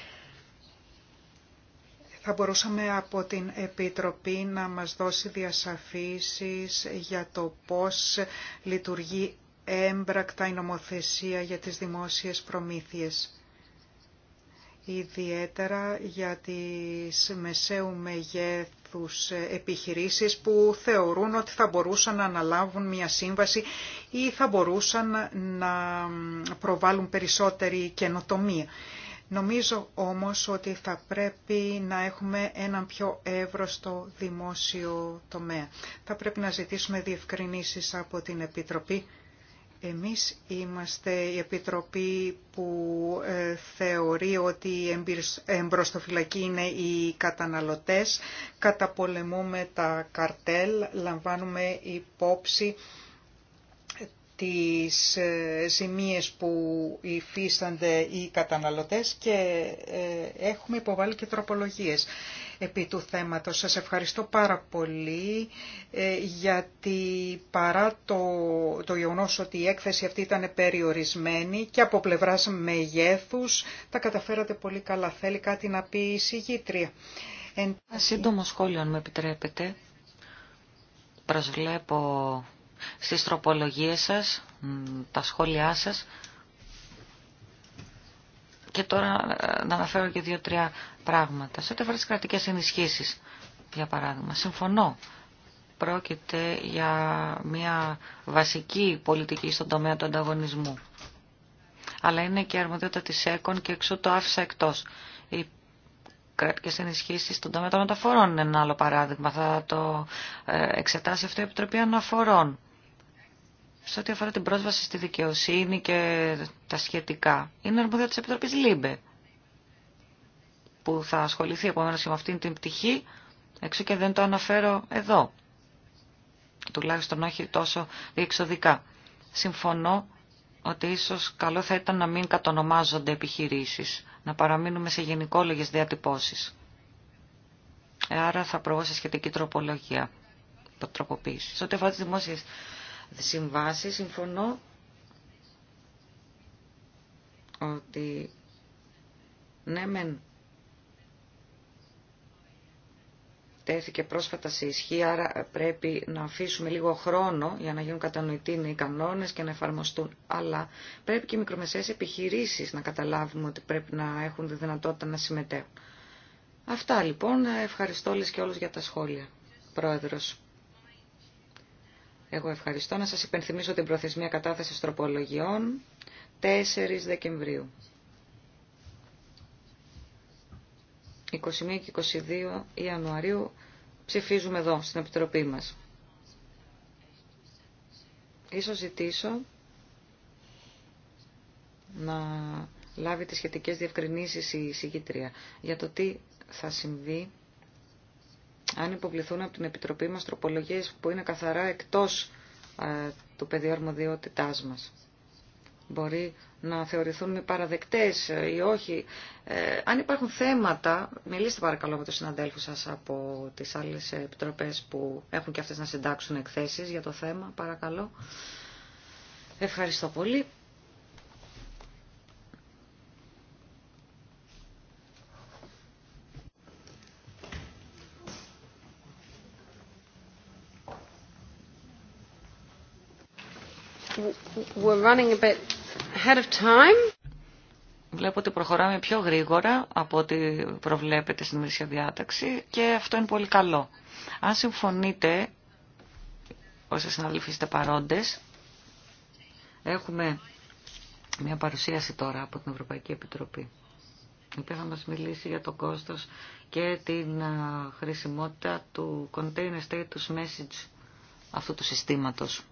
Θα μπορούσαμε από την Επιτροπή να μας δώσει διασαφήσεις για το πώς λειτουργεί έμπρακτα η νομοθεσία για τις δημόσιες προμήθειες ιδιαίτερα για τις μεσαίου μεγέθους επιχειρήσεις που θεωρούν ότι θα μπορούσαν να αναλάβουν μια σύμβαση ή θα μπορούσαν να προβάλλουν περισσότερη καινοτομία. Νομίζω όμως ότι θα πρέπει να έχουμε έναν πιο εύρωστο δημόσιο τομέα. Θα πρέπει να ζητήσουμε διευκρινήσεις από την Επιτροπή εμείς είμαστε η Επιτροπή που ε, θεωρεί ότι στο εμπροστοφυλακή είναι οι καταναλωτές, καταπολεμούμε τα καρτέλ, λαμβάνουμε υπόψη τις ε, ζημίες που υφίστανται οι καταναλωτές και ε, έχουμε υποβάλει και τροπολογίες επί του θέματος. Σας ευχαριστώ πάρα πολύ ε, γιατί παρά το, το γεγονό ότι η έκθεση αυτή ήταν περιορισμένη και από πλευράς μεγέθους τα καταφέρατε πολύ καλά. Θέλει
κάτι να πει η συγγήτρια. Εν... Σύντομο σχόλιο αν με επιτρέπετε. Προσβλέπω στις τροπολογίες σας, τα σχόλιά σας και τώρα ε, να αναφέρω και δύο-τρία πράγματα. Σε ό,τι αφορά τι κρατικέ ενισχύσει, για παράδειγμα, συμφωνώ. Πρόκειται για μια βασική πολιτική στον τομέα του ανταγωνισμού. Αλλά είναι και αρμοδιότητα τη ΕΚΟΝ και εξού το άφησα εκτό. Οι κρατικέ ενισχύσει στον τομέα των μεταφορών είναι ένα άλλο παράδειγμα. Θα το ε, εξετάσει αυτό η Επιτροπή Αναφορών σε ό,τι αφορά την πρόσβαση στη δικαιοσύνη και τα σχετικά. Είναι αρμόδια της Επιτροπής ΛΥΜΠΕ που θα ασχοληθεί επομένως και με αυτήν την πτυχή, έξω και δεν το αναφέρω εδώ. Τουλάχιστον όχι τόσο διεξοδικά. Συμφωνώ ότι ίσως καλό θα ήταν να μην κατονομάζονται επιχειρήσεις, να παραμείνουμε σε γενικόλογες διατυπώσεις. Ε, άρα θα προβώ σε σχετική τροπολογία, τροποποίηση. Σε ό,τι αφορά τις δημόσιες συμβάσει, Συμφωνώ ότι ναι μεν τέθηκε πρόσφατα σε ισχύ, άρα πρέπει να αφήσουμε λίγο χρόνο για να γίνουν κατανοητοί οι κανόνες και να εφαρμοστούν. Αλλά πρέπει και οι μικρομεσαίες επιχειρήσεις να καταλάβουμε ότι πρέπει να έχουν τη δυνατότητα να συμμετέχουν. Αυτά λοιπόν. Ευχαριστώ όλες και όλους για τα σχόλια. Πρόεδρος. Εγώ ευχαριστώ. Να σας υπενθυμίσω την προθεσμία κατάθεσης τροπολογιών 4 Δεκεμβρίου. 21 και 22 Ιανουαρίου ψηφίζουμε εδώ στην Επιτροπή μας. Ίσως ζητήσω να λάβει τις σχετικές διευκρινήσεις η συγκήτρια για το τι θα συμβεί αν υποβληθούν από την Επιτροπή μας τροπολογίες που είναι καθαρά εκτός του πεδίου αρμοδιότητάς μας. Μπορεί να θεωρηθούν μη παραδεκτές ή όχι. Ε, αν υπάρχουν θέματα, μιλήστε παρακαλώ με τους συναδέλφους σας από τις άλλες επιτροπές που έχουν και αυτές να συντάξουν εκθέσεις για το θέμα, παρακαλώ. Ευχαριστώ πολύ. Βλέπω ότι προχωράμε πιο γρήγορα από ό,τι προβλέπετε στην ημερήσια διάταξη και αυτό είναι πολύ καλό. Αν συμφωνείτε, όσοι συναδελφοί είστε παρόντες, έχουμε μια παρουσίαση τώρα από την Ευρωπαϊκή Επιτροπή. Η οποία θα μας μιλήσει για το κόστος και την χρησιμότητα του Container Status Message αυτού του συστήματος.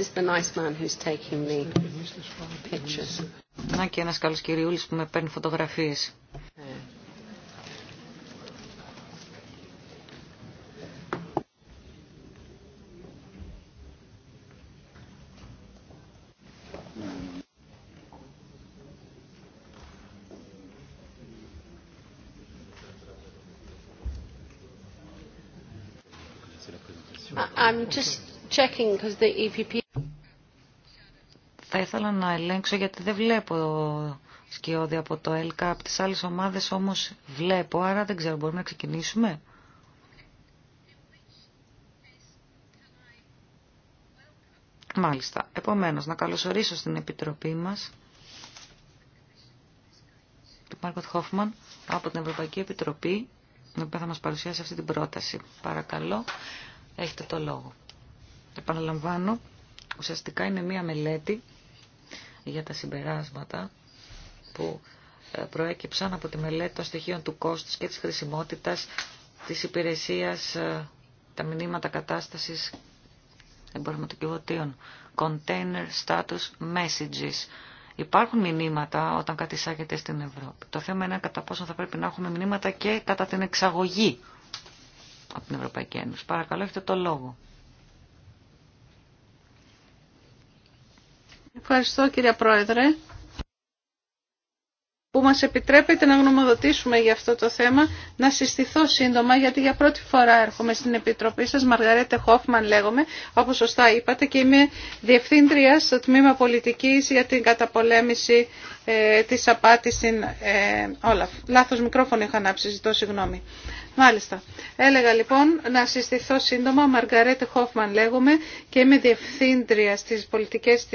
is the nice man who's taking the pictures. Να και ένας καλός κυριούλης που με παίρνει φωτογραφίες.
I'm
just checking because the EPP
ήθελα να ελέγξω γιατί δεν βλέπω σκιώδη από το ΕΛΚΑ. Από τις άλλες ομάδες όμως βλέπω, άρα δεν ξέρω, μπορούμε να ξεκινήσουμε. Μάλιστα. Επομένως, να καλωσορίσω στην Επιτροπή μας του Μάρκοτ Χόφμαν από την Ευρωπαϊκή Επιτροπή, η οποία θα μας παρουσιάσει αυτή την πρόταση. Παρακαλώ, έχετε το λόγο. Επαναλαμβάνω, ουσιαστικά είναι μία μελέτη για τα συμπεράσματα που ε, προέκυψαν από τη μελέτη των στοιχείων του κόστους και της χρησιμότητας της υπηρεσίας ε, τα μηνύματα κατάστασης εμπορευματοκιβωτίων. Container status messages. Υπάρχουν μηνύματα όταν κάτι στην Ευρώπη. Το θέμα είναι κατά πόσο θα πρέπει να έχουμε μηνύματα και κατά την εξαγωγή από την Ευρωπαϊκή Ένωση. Παρακαλώ, έχετε το λόγο.
Ευχαριστώ κύριε Πρόεδρε που μας επιτρέπετε να γνωμοδοτήσουμε για αυτό το θέμα, να συστηθώ σύντομα, γιατί για πρώτη φορά έρχομαι στην Επιτροπή σας, Μαργαρέτε Χόφμαν λέγομαι, όπως σωστά είπατε, και είμαι Διευθύντρια στο Τμήμα Πολιτικής για την καταπολέμηση ε, της απάτης στην ε, Όλαφ. Λάθος μικρόφωνο είχα ανάψει, ζητώ συγγνώμη. Μάλιστα. Έλεγα λοιπόν να συστηθώ σύντομα, Μαργαρέτε Χόφμαν λέγομαι και είμαι Διευθύντρια στις πολιτικές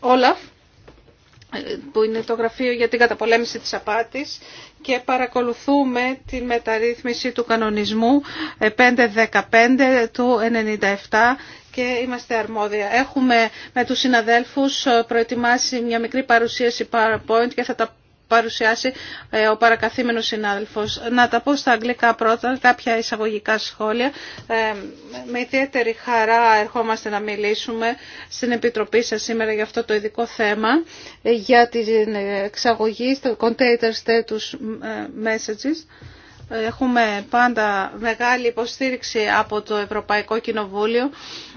Όλαφ, που είναι το γραφείο για την καταπολέμηση της απάτης και παρακολουθούμε τη μεταρρύθμιση του κανονισμού 515 του 97 και είμαστε αρμόδια. Έχουμε με τους συναδέλφους προετοιμάσει μια μικρή παρουσίαση PowerPoint και θα τα παρουσιάσει ε, ο παρακαθήμενος συνάδελφος. Να τα πω στα αγγλικά πρώτα, κάποια εισαγωγικά σχόλια. Ε, με ιδιαίτερη χαρά ερχόμαστε να μιλήσουμε στην Επιτροπή σας σήμερα για αυτό το ειδικό θέμα, ε, για την εξαγωγή στο Container Status Messages. Έχουμε πάντα μεγάλη υποστήριξη από το Ευρωπαϊκό Κοινοβούλιο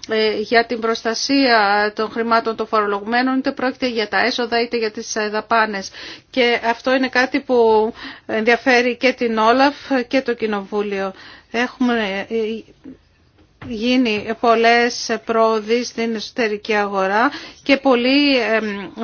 ε, για την προστασία των χρημάτων των φορολογουμένων, είτε πρόκειται για τα έσοδα είτε για τις ε, δαπάνες. Και αυτό είναι κάτι που ενδιαφέρει και την Όλαφ και το Κοινοβούλιο. Έχουμε ε, γίνει πολλές πρόοδοι στην εσωτερική αγορά και πολλοί,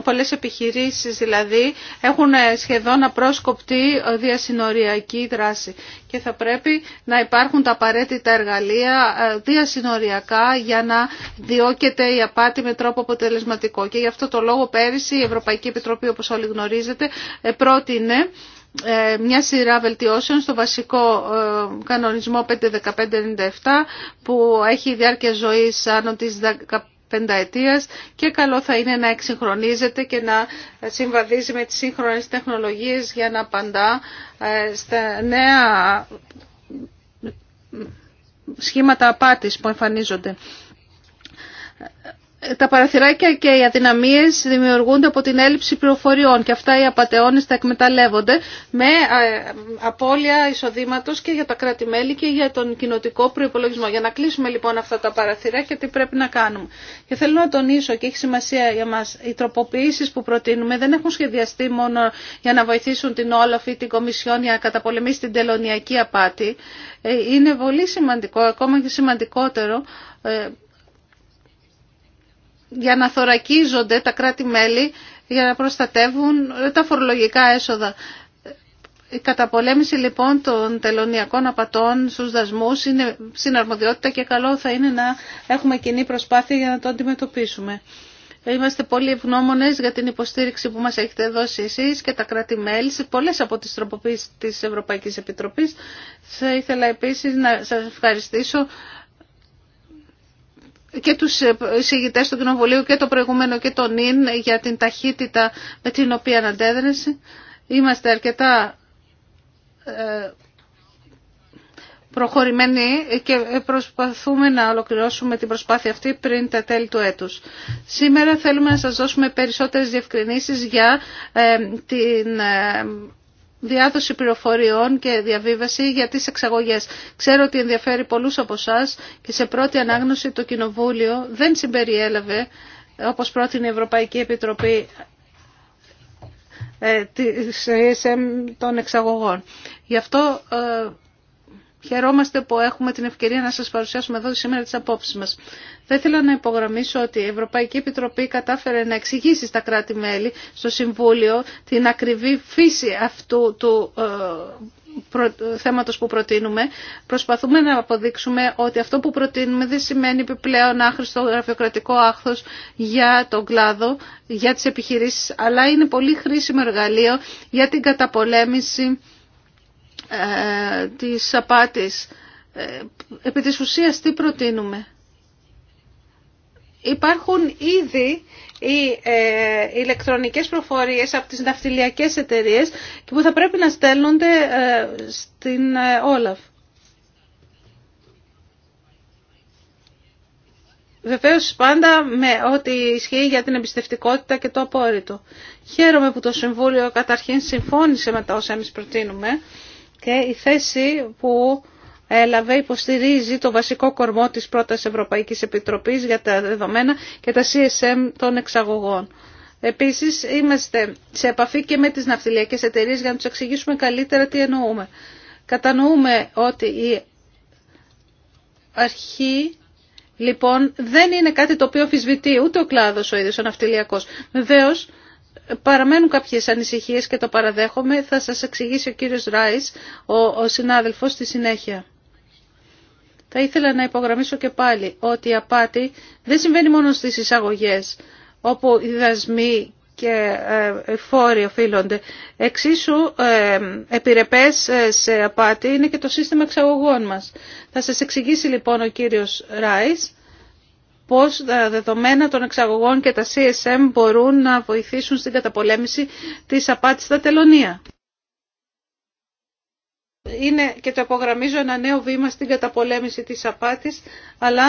πολλές επιχειρήσεις δηλαδή έχουν σχεδόν απρόσκοπτη διασυνοριακή δράση και θα πρέπει να υπάρχουν τα απαραίτητα εργαλεία ε, διασυνοριακά για να διώκεται η απάτη με τρόπο αποτελεσματικό. Και γι' αυτό το λόγο πέρυσι η Ευρωπαϊκή Επιτροπή όπως όλοι γνωρίζετε ε, πρότεινε ε, μια σειρά βελτιώσεων στο βασικό ε, κανονισμό 51597 που έχει διάρκεια ζωής άνω της 15 ετίας και καλό θα είναι να εξυγχρονίζεται και να συμβαδίζει με τις σύγχρονες τεχνολογίες για να απαντά ε, στα νέα σχήματα απάτης που εμφανίζονται. Ε, τα παραθυράκια και οι αδυναμίες δημιουργούνται από την έλλειψη πληροφοριών και αυτά οι απαταιώνες τα εκμεταλλεύονται με ε, απώλεια εισοδήματος και για τα κράτη-μέλη και για τον κοινοτικό προϋπολογισμό. Για να κλείσουμε λοιπόν αυτά τα παραθυράκια τι πρέπει να κάνουμε. Και θέλω να τονίσω και έχει σημασία για μας οι τροποποιήσεις που προτείνουμε δεν έχουν σχεδιαστεί μόνο για να βοηθήσουν την Όλαφ ή την Κομισιόν για να καταπολεμήσει την τελωνιακή απάτη. Ε, είναι πολύ σημαντικό, ακόμα και σημαντικότερο για να θωρακίζονται τα κράτη-μέλη για να προστατεύουν τα φορολογικά έσοδα. Η καταπολέμηση λοιπόν των τελωνιακών απατών στους δασμούς είναι συναρμοδιότητα και καλό θα είναι να έχουμε κοινή προσπάθεια για να το αντιμετωπίσουμε. Είμαστε πολύ ευγνώμονε για την υποστήριξη που μα έχετε δώσει εσεί και τα κράτη-μέλη σε πολλέ από τι τροποποίησει τη Ευρωπαϊκή Επιτροπή. Θα ήθελα επίση να σα ευχαριστήσω και τους ε, εισηγητές του Κοινοβουλίου και το προηγούμενο και τον ΙΝ για την ταχύτητα με την οποία αντέδρασε. Είμαστε αρκετά ε, προχωρημένοι και προσπαθούμε να ολοκληρώσουμε την προσπάθεια αυτή πριν τα τέλη του έτους. Σήμερα θέλουμε να σας δώσουμε περισσότερες διευκρινήσεις για ε, την διάδοση πληροφοριών και διαβίβαση για τις εξαγωγές. Ξέρω ότι ενδιαφέρει πολλούς από εσά και σε πρώτη ανάγνωση το Κοινοβούλιο δεν συμπεριέλαβε, όπως πρότεινε η Ευρωπαϊκή Επιτροπή, ε, της ΕΣΜ ε, ε, των εξαγωγών. Γι' αυτό Χαιρόμαστε που έχουμε την ευκαιρία να σας παρουσιάσουμε εδώ σήμερα τις απόψεις μας. Θα ήθελα να υπογραμμίσω ότι η Ευρωπαϊκή Επιτροπή κατάφερε να εξηγήσει στα κράτη-μέλη, στο Συμβούλιο, την ακριβή φύση αυτού του ε, θέματος που προτείνουμε. Προσπαθούμε να αποδείξουμε ότι αυτό που προτείνουμε δεν σημαίνει επιπλέον άχρηστο γραφειοκρατικό άχθος για τον κλάδο, για τις επιχειρήσεις, αλλά είναι πολύ χρήσιμο εργαλείο για την καταπολέμηση ε, της απάτης. Ε, επί της ουσίας τι προτείνουμε. Υπάρχουν ήδη οι ε, ηλεκτρονικές προφορίες από τις ναυτιλιακές εταιρείες και που θα πρέπει να στέλνονται ε, στην ε, Όλαφ. Βεβαίως πάντα με ό,τι ισχύει για την εμπιστευτικότητα και το απόρριτο. Χαίρομαι που το Συμβούλιο καταρχήν συμφώνησε με τα όσα εμείς προτείνουμε και η θέση που έλαβε υποστηρίζει το βασικό κορμό της πρώτας Ευρωπαϊκής Επιτροπής για τα δεδομένα και τα CSM των εξαγωγών. Επίσης είμαστε σε επαφή και με τις ναυτιλιακές εταιρείες για να τους εξηγήσουμε καλύτερα τι εννοούμε. Κατανοούμε ότι η αρχή λοιπόν δεν είναι κάτι το οποίο αφισβητεί ούτε ο κλάδος ο ίδιος ο ναυτιλιακός. Βεβαίως Παραμένουν κάποιες ανησυχίες και το παραδέχομαι. Θα σας εξηγήσει ο κύριος Ράις, ο, ο συνάδελφος, στη συνέχεια. Θα ήθελα να υπογραμμίσω και πάλι ότι η απάτη δεν συμβαίνει μόνο στις εισαγωγές, όπου οι δασμοί και ε, φόροι οφείλονται. Εξίσου ε, επιρρεπές ε, σε απάτη είναι και το σύστημα εξαγωγών μας. Θα σας εξηγήσει λοιπόν ο κύριος Ράις πώς τα δεδομένα των εξαγωγών και τα CSM μπορούν να βοηθήσουν στην καταπολέμηση της απάτης στα τελωνία. Είναι και το απογραμμίζω ένα νέο βήμα στην καταπολέμηση της απάτης, αλλά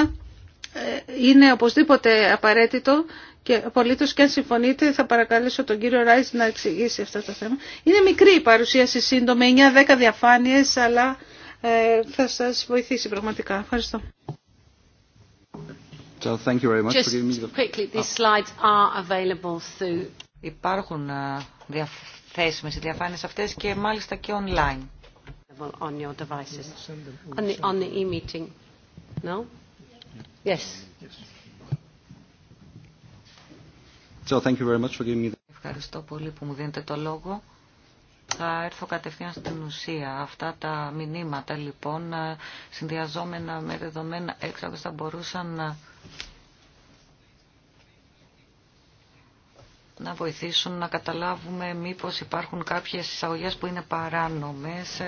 ε, είναι οπωσδήποτε απαραίτητο και απολύτω και αν συμφωνείτε θα παρακαλέσω τον κύριο Ράις να εξηγήσει αυτά τα θέματα. Είναι μικρή η παρουσίαση σύντομη, 9-10 διαφάνειες, αλλά ε, θα σας βοηθήσει πραγματικά. Ευχαριστώ.
So thank you very much Just for me the...
quickly, these oh. slides
are available through... Υπάρχουν διαθέσιμες οι διαφάνειες αυτές και μάλιστα και online. On your devices. On the, on the e-meeting. No?
Yes. So thank you very much for giving me the...
Ευχαριστώ πολύ που μου δίνετε το λόγο. Θα έρθω κατευθείαν στην ουσία. Αυτά τα μηνύματα λοιπόν συνδυαζόμενα με δεδομένα έξοδος θα μπορούσαν να να βοηθήσουν να καταλάβουμε μήπως υπάρχουν κάποιες εισαγωγές που είναι παράνομες.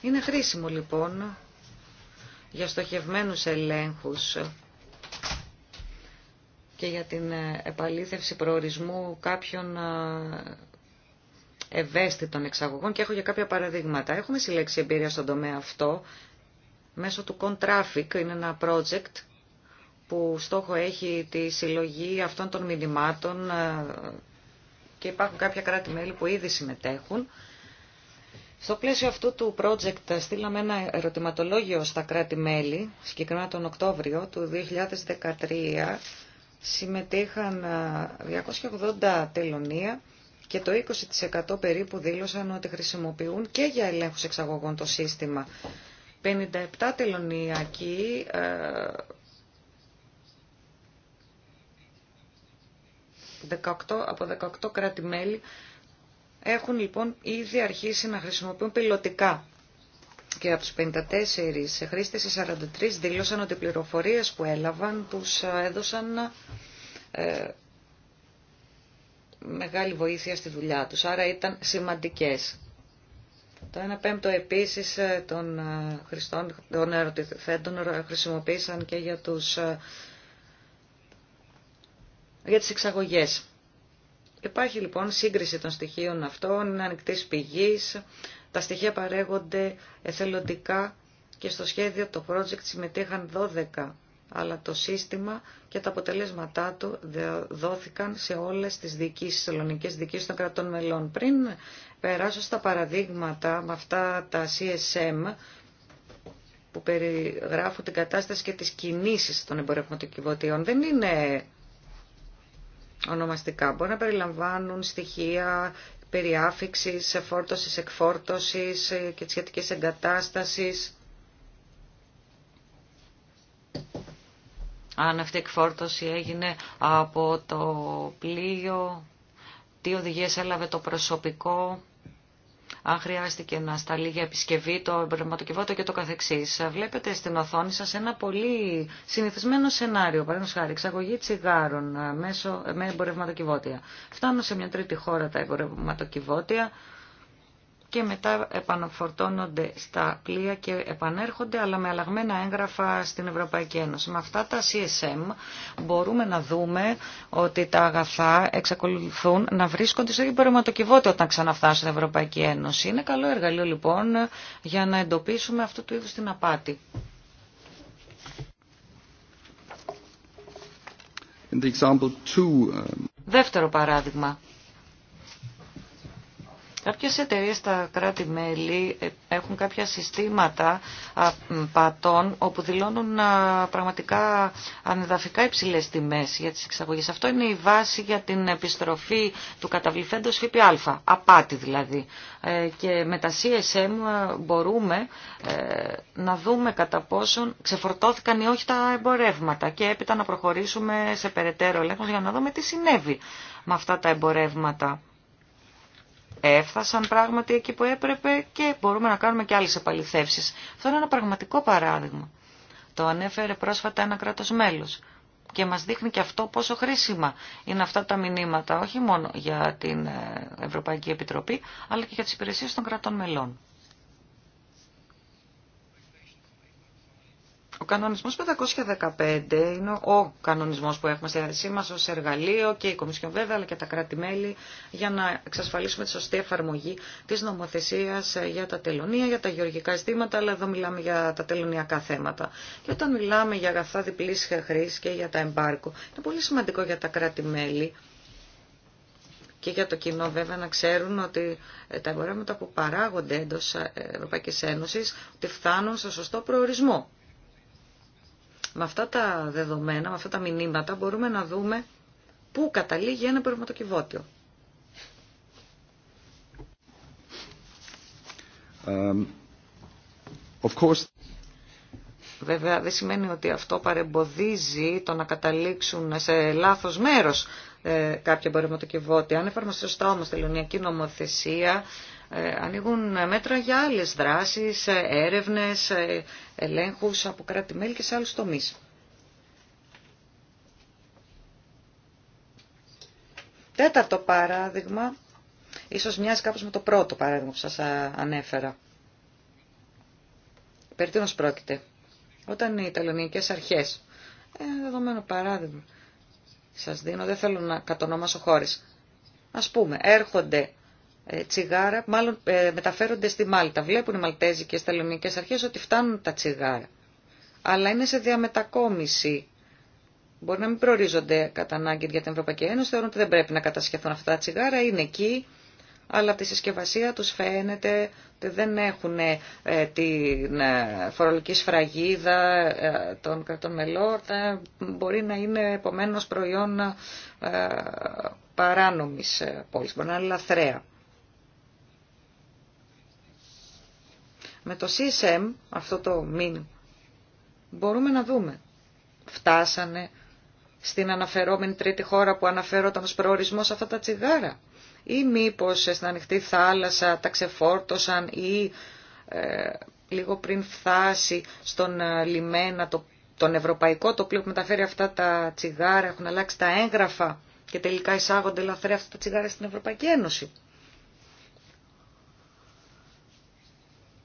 Είναι χρήσιμο λοιπόν για στοχευμένους ελέγχους και για την επαλήθευση προορισμού κάποιων ευαίσθητων εξαγωγών και έχω για κάποια παραδείγματα. Έχουμε συλλέξει εμπειρία στον τομέα αυτό μέσω του Contrafic, είναι ένα project που στόχο έχει τη συλλογή αυτών των μηνυμάτων ε, και υπάρχουν κάποια κράτη-μέλη που ήδη συμμετέχουν. Στο πλαίσιο αυτού του project ε, στείλαμε ένα ερωτηματολόγιο στα κράτη-μέλη, συγκεκριμένα τον Οκτώβριο του 2013, συμμετείχαν 280 ε, τελωνία και το 20% περίπου δήλωσαν ότι χρησιμοποιούν και για ελέγχους εξαγωγών το σύστημα. 57 τελωνιακοί 18, από 18 κράτη-μέλη έχουν λοιπόν ήδη αρχίσει να χρησιμοποιούν πιλωτικά. Και από τους 54 χρήστες, οι 43 δήλωσαν ότι οι πληροφορίες που έλαβαν τους έδωσαν ε, μεγάλη βοήθεια στη δουλειά τους, άρα ήταν σημαντικές. Το 1 πέμπτο επίσης ε, των ε, χρηστών, των ερωτηθέντων ε, χρησιμοποίησαν και για τους για τις εξαγωγές. Υπάρχει λοιπόν σύγκριση των στοιχείων αυτών, είναι ανοιχτή πηγής, Τα στοιχεία παρέγονται εθελοντικά και στο σχέδιο το project συμμετείχαν 12, αλλά το σύστημα και τα αποτελέσματά του δόθηκαν σε όλες τις διοικήσεις, ελληνικές, διοικήσεις των κρατών μελών. Πριν περάσω στα παραδείγματα με αυτά τα CSM, που περιγράφουν την κατάσταση και τις κινήσεις των εμπορευματοκιβωτίων. Δεν είναι ονομαστικά. Μπορεί να περιλαμβάνουν στοιχεία περί άφηξης, εφόρτωσης, εκφόρτωσης και της σχετικής εγκατάστασης. Αν αυτή η εκφόρτωση έγινε από το πλοίο, τι οδηγίες έλαβε το προσωπικό, αν χρειάστηκε να σταλεί για επισκευή το εμπνευματοκιβώτο και το καθεξής. Βλέπετε στην οθόνη σας ένα πολύ συνηθισμένο σενάριο, παραδείγματος χάρη, εξαγωγή τσιγάρων ε, μέσω, ε, με εμπορευματοκιβώτια. Φτάνουν σε μια τρίτη χώρα τα εμπορευματοκιβώτια, και μετά επαναφορτώνονται στα πλοία και επανέρχονται αλλά με αλλαγμένα έγγραφα στην Ευρωπαϊκή Ένωση. Με αυτά τα CSM μπορούμε να δούμε ότι τα αγαθά εξακολουθούν να βρίσκονται σε περιματοκιβώτιο όταν ξαναφτάσουν στην Ευρωπαϊκή Ένωση. Είναι καλό εργαλείο λοιπόν για να εντοπίσουμε αυτού του είδους την απάτη. Um, Δεύτερο παράδειγμα. Κάποιες εταιρείες στα κράτη-μέλη ε, έχουν κάποια συστήματα πατών όπου δηλώνουν πραγματικά ανεδαφικά υψηλές τιμές για τις εξαγωγές. Αυτό είναι η βάση για την επιστροφή του καταβληθέντος ΦΠΑ, απάτη δηλαδή. Ε, και με τα CSM ε, μπορούμε να δούμε κατά πόσον ξεφορτώθηκαν ή όχι τα εμπορεύματα και έπειτα να προχωρήσουμε σε περαιτέρω έλεγχος για να δούμε τι συνέβη με αυτά τα εμπορεύματα έφτασαν πράγματι εκεί που έπρεπε και μπορούμε να κάνουμε και άλλες επαληθεύσεις. Αυτό είναι ένα πραγματικό παράδειγμα. Το ανέφερε πρόσφατα ένα κράτος μέλος και μας δείχνει και αυτό πόσο χρήσιμα είναι αυτά τα μηνύματα όχι μόνο για την ε, Ευρωπαϊκή Επιτροπή αλλά και για τις υπηρεσίες των κρατών μελών. Ο κανονισμός 515 είναι ο κανονισμός που έχουμε στη διάθεσή μας ως εργαλείο και η Κομισιόν βέβαια αλλά και τα κράτη-μέλη για να εξασφαλίσουμε τη σωστή εφαρμογή της νομοθεσίας για τα τελωνία, για τα γεωργικά ζητήματα, αλλά εδώ μιλάμε για τα τελωνιακά θέματα. Και όταν μιλάμε για αγαθά διπλής χρήση και για τα εμπάρκο, είναι πολύ σημαντικό για τα κράτη-μέλη και για το κοινό βέβαια να ξέρουν ότι τα εμπορεύματα που παράγονται εντός Ευρωπαϊκής Ένωσης ότι φτάνουν στο σωστό προορισμό. Με αυτά τα δεδομένα, με αυτά τα μηνύματα μπορούμε να δούμε πού καταλήγει ένα πνευματοκιβώτιο.
Um, of course.
Βέβαια δεν σημαίνει ότι αυτό παρεμποδίζει το να καταλήξουν σε λάθος μέρος ε, κάποια εμπορευματοκιβώτια. Αν εφαρμοστεί σωστά όμως τελωνιακή νομοθεσία, ε, ανοίγουν μέτρα για άλλες δράσεις, ε, έρευνες, ε, ελέγχους από κράτη-μέλη και σε άλλους τομείς. Τέταρτο παράδειγμα, ίσως μοιάζει κάπως με το πρώτο παράδειγμα που σας ανέφερα. Περί τίνος πρόκειται. Όταν οι Ιταλονικές αρχές, ένα δεδομένο παράδειγμα, σας δίνω, δεν θέλω να κατονομάσω χώρες, ας πούμε, έρχονται ε, τσιγάρα, μάλλον ε, μεταφέρονται στη Μάλτα. Βλέπουν οι Μαλτέζοι και ελληνικές αρχές ότι φτάνουν τα τσιγάρα. Αλλά είναι σε διαμετακόμιση. Μπορεί να μην προορίζονται κατά ανάγκη για την Ευρωπαϊκή Ένωση, θεωρούν ότι δεν πρέπει να κατασκευθούν αυτά τα τσιγάρα, είναι εκεί, αλλά από τη συσκευασία τους φαίνεται ότι δεν έχουν ε, την φορολογική σφραγίδα των κρατών μελών, μπορεί να είναι επομένως προϊόν παράνομης πόλης, μπορεί να είναι λαθρέα. Με το CSM, αυτό το μήνυμα, μπορούμε να δούμε. Φτάσανε στην αναφερόμενη τρίτη χώρα που αναφέρονταν ως προορισμό αυτά τα τσιγάρα. Ή μήπως στην ανοιχτή θάλασσα τα ξεφόρτωσαν ή ε, λίγο πριν φτάσει στον ε, λιμένα το, τον ευρωπαϊκό το οποιο μεταφέρει αυτά τα τσιγάρα, έχουν αλλάξει τα έγγραφα και τελικά εισάγονται λαθρέα αυτά τα τσιγάρα στην Ευρωπαϊκή Ένωση.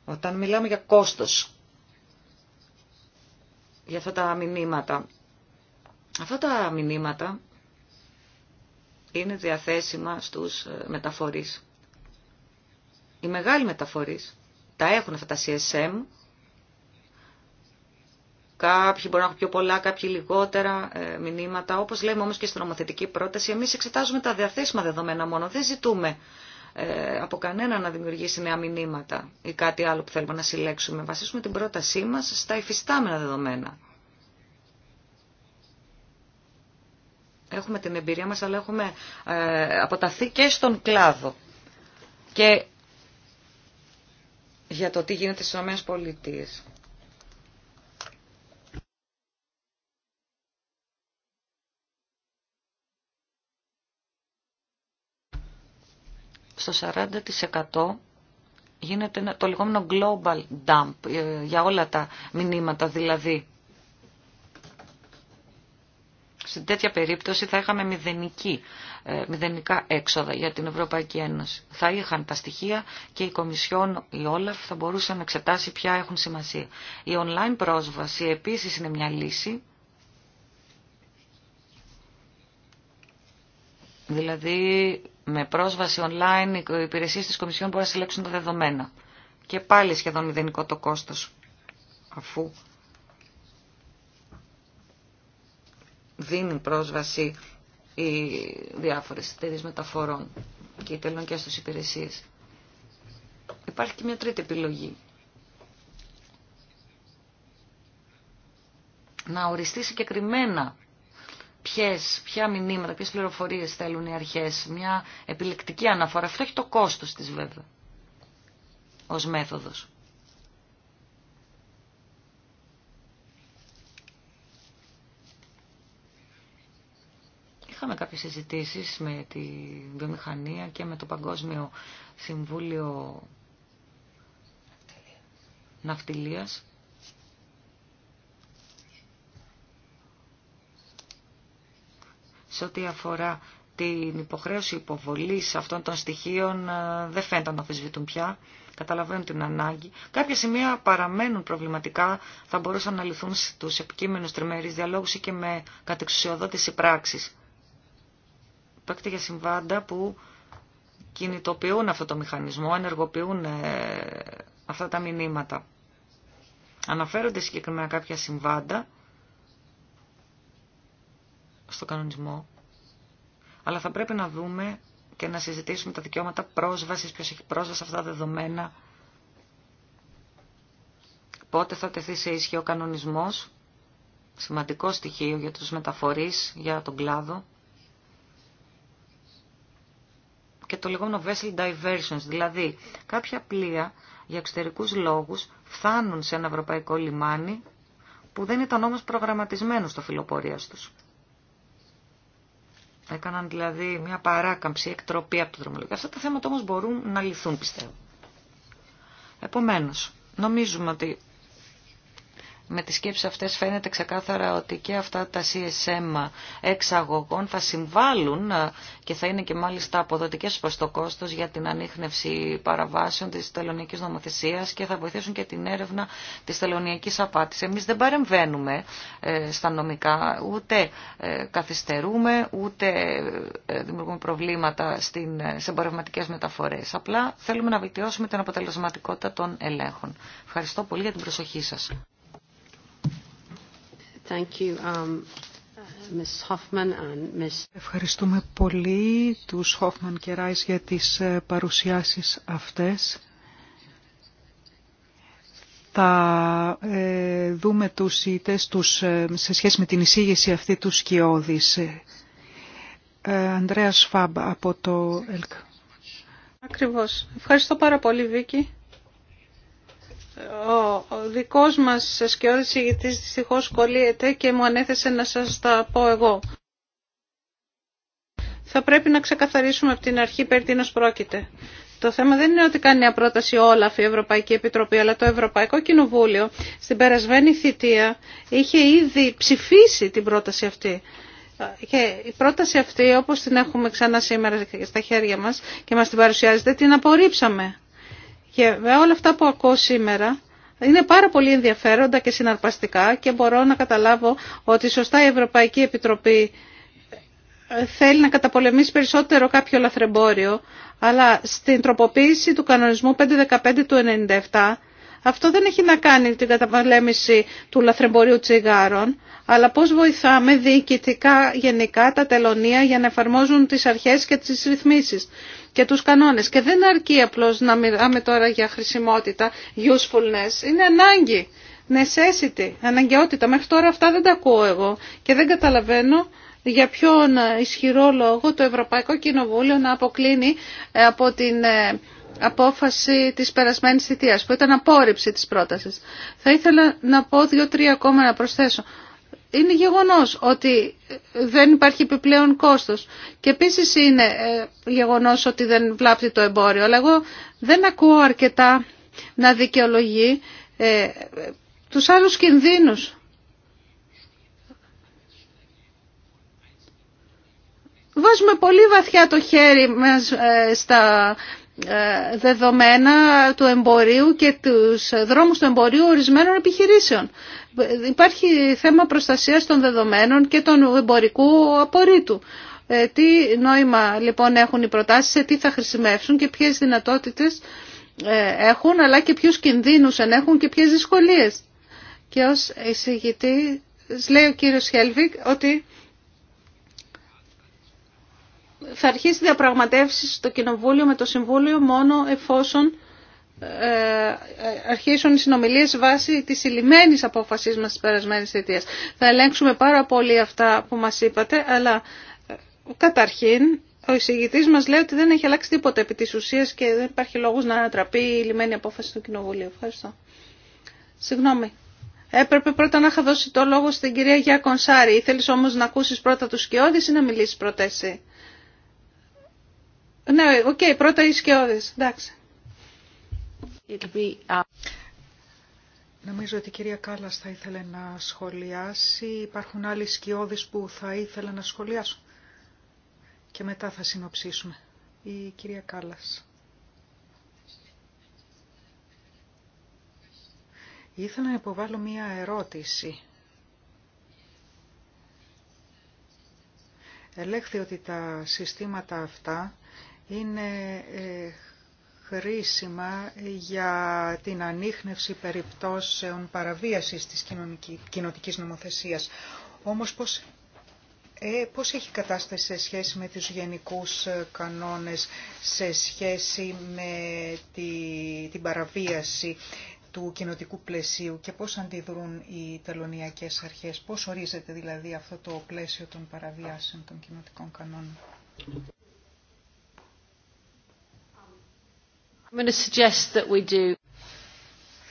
Όταν μιλάμε για κόστος, για αυτά τα μηνύματα. Αυτά τα μηνύματα είναι διαθέσιμα στους ε, μεταφορείς. Οι μεγάλοι μεταφορείς τα έχουν αυτά τα CSM. Κάποιοι μπορούν να έχουν πιο πολλά, κάποιοι λιγότερα ε, μηνύματα. Όπως λέμε όμως και στην νομοθετική πρόταση, εμείς εξετάζουμε τα διαθέσιμα δεδομένα μόνο. Δεν ζητούμε ε, από κανένα να δημιουργήσει νέα μηνύματα ή κάτι άλλο που θέλουμε να συλλέξουμε. Βασίσουμε την πρότασή μας στα υφιστάμενα δεδομένα. Έχουμε την εμπειρία μας, αλλά έχουμε ε, αποταθεί και στον κλάδο. Και για το τι γίνεται στις ΗΠΑ. στο 40% γίνεται το λεγόμενο global dump ε, για όλα τα μηνύματα δηλαδή. Στην τέτοια περίπτωση θα είχαμε μηδενική, ε, μηδενικά έξοδα για την Ευρωπαϊκή Ένωση. Θα είχαν τα στοιχεία και η Κομισιόν, η Όλαφ, θα μπορούσε να εξετάσει ποια έχουν σημασία. Η online πρόσβαση επίσης είναι μια λύση Δηλαδή με πρόσβαση online οι υπηρεσίες της Κομισιόν μπορούν να συλλέξουν τα δεδομένα. Και πάλι σχεδόν μηδενικό το κόστος αφού δίνει πρόσβαση οι διάφορε εταιρείε μεταφορών και οι τελωνικέ του υπηρεσίες. Υπάρχει και μια τρίτη επιλογή. Να οριστεί συγκεκριμένα ποιες, ποια μηνύματα, ποιες πληροφορίες θέλουν οι αρχές. Μια επιλεκτική αναφορά. Αυτό έχει το κόστος της βέβαια, ως μέθοδος. Είχαμε κάποιες συζητήσεις με τη βιομηχανία και με το Παγκόσμιο Συμβούλιο Ναυτιλίας. Σε ό,τι αφορά την υποχρέωση υποβολής αυτών των στοιχείων ε, δεν φαίνεται να αμφισβητούν πια. Καταλαβαίνουν την ανάγκη. Κάποια σημεία παραμένουν προβληματικά, θα μπορούσαν να λυθούν στους επικείμενους τριμερείς διαλόγους ή και με κατεξουσιοδότηση πράξης. Πρόκειται για συμβάντα που κινητοποιούν αυτό το μηχανισμό, ενεργοποιούν ε, αυτά τα μηνύματα. Αναφέρονται συγκεκριμένα κάποια συμβάντα στο κανονισμό, αλλά θα πρέπει να δούμε και να συζητήσουμε τα δικαιώματα πρόσβασης, ποιος έχει πρόσβαση σε αυτά τα δεδομένα, πότε θα τεθεί σε ίσχυο ο κανονισμός, σημαντικό στοιχείο για τους μεταφορείς, για τον κλάδο, και το λεγόμενο vessel diversions, δηλαδή κάποια πλοία για εξωτερικούς λόγους φτάνουν σε ένα ευρωπαϊκό λιμάνι που δεν ήταν όμως προγραμματισμένο στο φιλοπορία τους. Έκαναν δηλαδή μια παράκαμψη, εκτροπή από το δρομολόγιο. Αυτά τα θέματα όμως μπορούν να λυθούν πιστεύω. Επομένως, νομίζουμε ότι με τις σκέψεις αυτές φαίνεται ξεκάθαρα ότι και αυτά τα CSM εξαγωγών θα συμβάλλουν ε, και θα είναι και μάλιστα αποδοτικές προς το κόστος για την ανείχνευση παραβάσεων της τελωνιακής νομοθεσίας και θα βοηθήσουν και την έρευνα της τελωνιακής απάτης. Εμείς δεν παρεμβαίνουμε ε, στα νομικά, ούτε ε, καθυστερούμε, ούτε δημιουργούμε προβλήματα σε εμπορευματικές μεταφορές. Απλά θέλουμε να βελτιώσουμε την αποτελεσματικότητα των ελέγχων. Ευχαριστώ πολύ για την προσοχή σας.
Um,
Ευχαριστούμε πολύ τους Χόφμαν και Ράις για τις ε, παρουσιάσεις αυτές. Θα ε, δούμε τους ΙΤΕΣ τους, ε, σε σχέση με την εισήγηση αυτή του Σκιώδης. Ε, Ανδρέας Φαμπ από το ΕΛΚ.
Ακριβώς. Ευχαριστώ πάρα πολύ Βίκη ο δικός μας σκιώδης ηγητής δυστυχώς κολλείεται και μου ανέθεσε να σας τα πω εγώ. Θα πρέπει να ξεκαθαρίσουμε από την αρχή περί τίνος πρόκειται. Το θέμα δεν είναι ότι κάνει μια πρόταση όλα η Ευρωπαϊκή Επιτροπή, αλλά το Ευρωπαϊκό Κοινοβούλιο στην περασμένη θητεία είχε ήδη ψηφίσει την πρόταση αυτή. Και η πρόταση αυτή, όπως την έχουμε ξανά σήμερα στα χέρια μας και μας την παρουσιάζεται, την απορρίψαμε. Και με όλα αυτά που ακούω σήμερα, είναι πάρα πολύ ενδιαφέροντα και συναρπαστικά και μπορώ να καταλάβω ότι σωστά η Ευρωπαϊκή Επιτροπή ε, θέλει να καταπολεμήσει περισσότερο κάποιο λαθρεμπόριο, αλλά στην τροποποίηση του κανονισμού 515 του 97 αυτό δεν έχει να κάνει την καταπολέμηση του λαθρεμπορίου τσιγάρων, αλλά πώς βοηθάμε διοικητικά γενικά τα τελωνία για να εφαρμόζουν τις αρχές και τις ρυθμίσεις και τους κανόνες. Και δεν αρκεί απλώς να μιλάμε τώρα για χρησιμότητα, usefulness. Είναι ανάγκη, necessity, αναγκαιότητα. Μέχρι τώρα αυτά δεν τα ακούω εγώ και δεν καταλαβαίνω για ποιον ισχυρό λόγο το Ευρωπαϊκό Κοινοβούλιο να αποκλίνει ε, από την ε, απόφαση της περασμένης θητείας, που ήταν απόρριψη της πρότασης. Θα ήθελα να πω δύο-τρία ακόμα να προσθέσω. Είναι γεγονός ότι δεν υπάρχει επιπλέον κόστος και επίσης είναι ε, γεγονός ότι δεν βλάπτει το εμπόριο, αλλά εγώ δεν ακούω αρκετά να δικαιολογεί ε, τους άλλους κινδύνους. Βάζουμε πολύ βαθιά το χέρι μας ε, στα ε, δεδομένα του εμπορίου και τους δρόμους του εμπορίου ορισμένων επιχειρήσεων. Υπάρχει θέμα προστασίας των δεδομένων και των εμπορικού απορρίτου. Ε, τι νόημα λοιπόν έχουν οι προτάσεις, τι θα χρησιμεύσουν και ποιες δυνατότητες ε, έχουν, αλλά και ποιους κινδύνους έχουν και ποιες δυσκολίες. Και ως εισηγητή λέει ο κύριος Χέλβικ ότι θα αρχίσει διαπραγματεύσει στο Κοινοβούλιο με το Συμβούλιο μόνο εφόσον ε, αρχίσουν οι συνομιλίες βάσει της ηλυμένης απόφασής μας τη περασμένη θητείας. Θα ελέγξουμε πάρα πολύ αυτά που μας είπατε, αλλά ε, καταρχήν ο εισηγητή μα λέει ότι δεν έχει αλλάξει τίποτα επί τη ουσία και δεν υπάρχει λόγο να ανατραπεί η λιμένη απόφαση του Κοινοβουλίου. Ευχαριστώ. Συγγνώμη. Έπρεπε πρώτα να είχα δώσει το λόγο στην κυρία Γιά Κονσάρη. Θέλει όμω να ακούσει πρώτα του Σκιώδη ή να μιλήσει πρώτα εσύ. Ναι, οκ, okay, πρώτα οι σκιώδες. Εντάξει. Uh, Νομίζω
ότι η κυρία Κάλλας θα ήθελε να σχολιάσει. Υπάρχουν άλλοι σκιώδεις που θα ήθελα να σχολιάσω Και μετά θα συνοψίσουμε. Η κυρία Κάλλας. Ήθελα να υποβάλω μία ερώτηση. Ελέγχθη ότι τα συστήματα αυτά είναι ε, χρήσιμα για την ανείχνευση περιπτώσεων παραβίασης της κοινωτικής νομοθεσίας. Όμως πώς, ε, πώς έχει κατάσταση σε σχέση με τους γενικούς ε, κανόνες, σε σχέση με τη, την παραβίαση του κοινοτικού πλαισίου και πώς αντιδρούν οι τελωνιακές αρχές, πώς ορίζεται δηλαδή αυτό το πλαίσιο των παραβιάσεων των κοινοτικών κανόνων.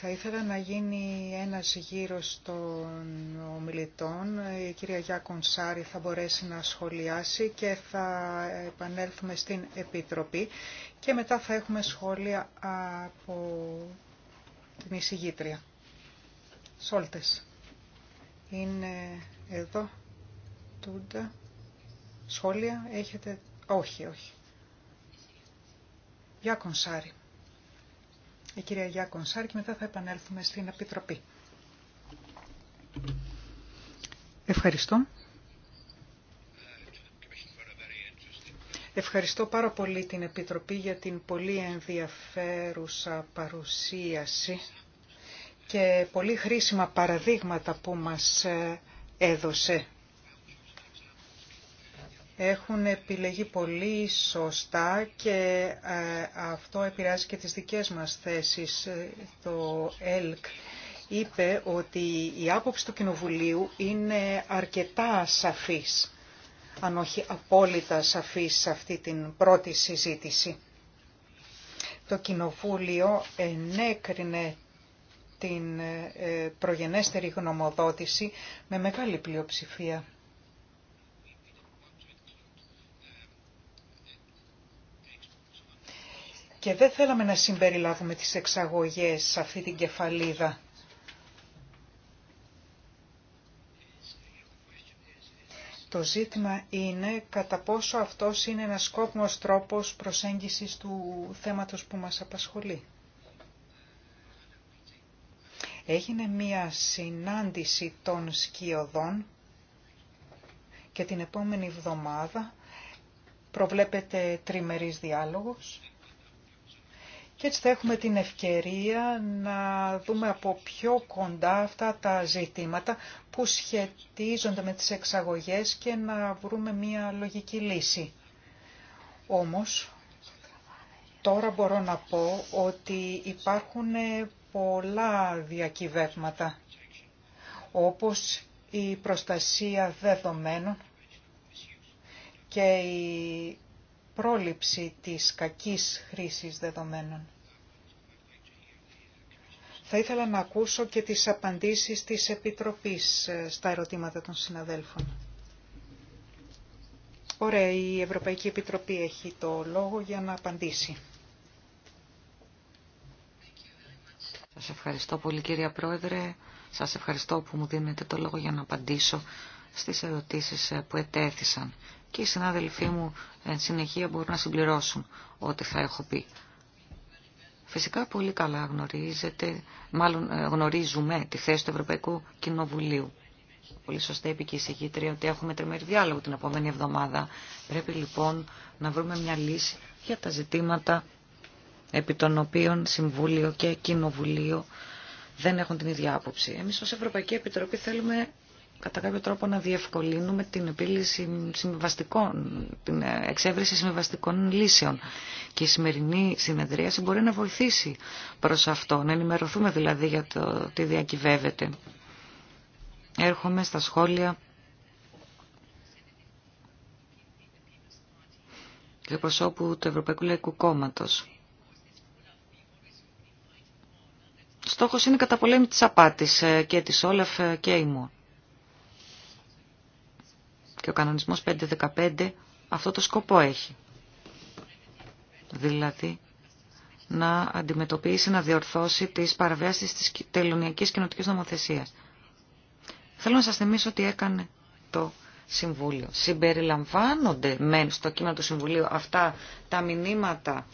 Θα ήθελα να γίνει ένας γύρος των ομιλητών. Η κυρία Γιάκων Σάρη θα μπορέσει να σχολιάσει και θα επανέλθουμε στην Επιτροπή και μετά θα έχουμε σχόλια από την εισηγήτρια. Σόλτες. Είναι εδώ. Τούντα. Σχόλια έχετε. Όχι, όχι. Γιάκων η κυρία Γιάκον μετά θα επανέλθουμε στην Επιτροπή. Ευχαριστώ. Ευχαριστώ πάρα πολύ την Επιτροπή για την πολύ ενδιαφέρουσα παρουσίαση και πολύ χρήσιμα παραδείγματα που μας ε, έδωσε έχουν επιλεγεί πολύ σωστά και ε, αυτό επηρεάζει και τις δικές μας θέσεις. Ε, το ΕΛΚ είπε ότι η άποψη του Κοινοβουλίου είναι αρκετά σαφής, αν όχι απόλυτα σαφής σε αυτή την πρώτη συζήτηση. Το Κοινοβούλιο ενέκρινε την ε, προγενέστερη γνωμοδότηση με μεγάλη πλειοψηφία. και δεν θέλαμε να συμπεριλάβουμε τις εξαγωγές σε αυτή την κεφαλίδα. Το ζήτημα είναι κατά πόσο αυτός είναι ένας σκόπιμος τρόπος προσέγγισης του θέματος που μας απασχολεί. Έγινε μία συνάντηση των σκιωδών και την επόμενη εβδομάδα προβλέπεται τριμερής διάλογος και έτσι θα έχουμε την ευκαιρία να δούμε από πιο κοντά αυτά τα ζητήματα που σχετίζονται με τις εξαγωγές και να βρούμε μία λογική λύση. Όμως, τώρα μπορώ να πω ότι υπάρχουν πολλά διακυβεύματα, όπως η προστασία δεδομένων και η πρόληψη της κακής χρήσης δεδομένων. Θα ήθελα να ακούσω και τις απαντήσεις της Επιτροπής ε, στα ερωτήματα των συναδέλφων. Ωραία, η Ευρωπαϊκή Επιτροπή έχει το λόγο για να απαντήσει.
Σας ευχαριστώ πολύ κυρία Πρόεδρε. Σας ευχαριστώ που μου δίνετε το λόγο για να απαντήσω στις ερωτήσεις ε, που ετέθησαν και οι συνάδελφοί μου εν συνεχεία μπορούν να συμπληρώσουν ό,τι θα έχω πει. Φυσικά πολύ καλά γνωρίζετε, μάλλον ε, γνωρίζουμε τη θέση του Ευρωπαϊκού Κοινοβουλίου. Πολύ σωστά είπε και η συγκήτρια ότι έχουμε τριμερή διάλογο την επόμενη εβδομάδα. Πρέπει λοιπόν να βρούμε μια λύση για τα ζητήματα επί των οποίων Συμβούλιο και Κοινοβουλίο δεν έχουν την ίδια άποψη. Εμείς ως Ευρωπαϊκή Επιτροπή θέλουμε κατά κάποιο τρόπο να διευκολύνουμε την επίλυση συμβαστικών, την εξέβριση συμβαστικών λύσεων. Και η σημερινή συνεδρίαση μπορεί να βοηθήσει προς αυτό, να ενημερωθούμε δηλαδή για το τι διακυβεύεται. Έρχομαι στα σχόλια και προσώπου του Ευρωπαϊκού Λαϊκού Κόμματος. Στόχος είναι η καταπολέμηση της απάτης ε, και της Όλαφ ε, και ημών και ο κανονισμός 515 αυτό το σκοπό έχει. Δηλαδή να αντιμετωπίσει, να διορθώσει τις παραβιάσεις της τελωνιακής κοινωτικής νομοθεσίας. Θέλω να σας θυμίσω τι έκανε το Συμβούλιο. Συμπεριλαμβάνονται μεν στο κείμενο του Συμβουλίου αυτά τα μηνύματα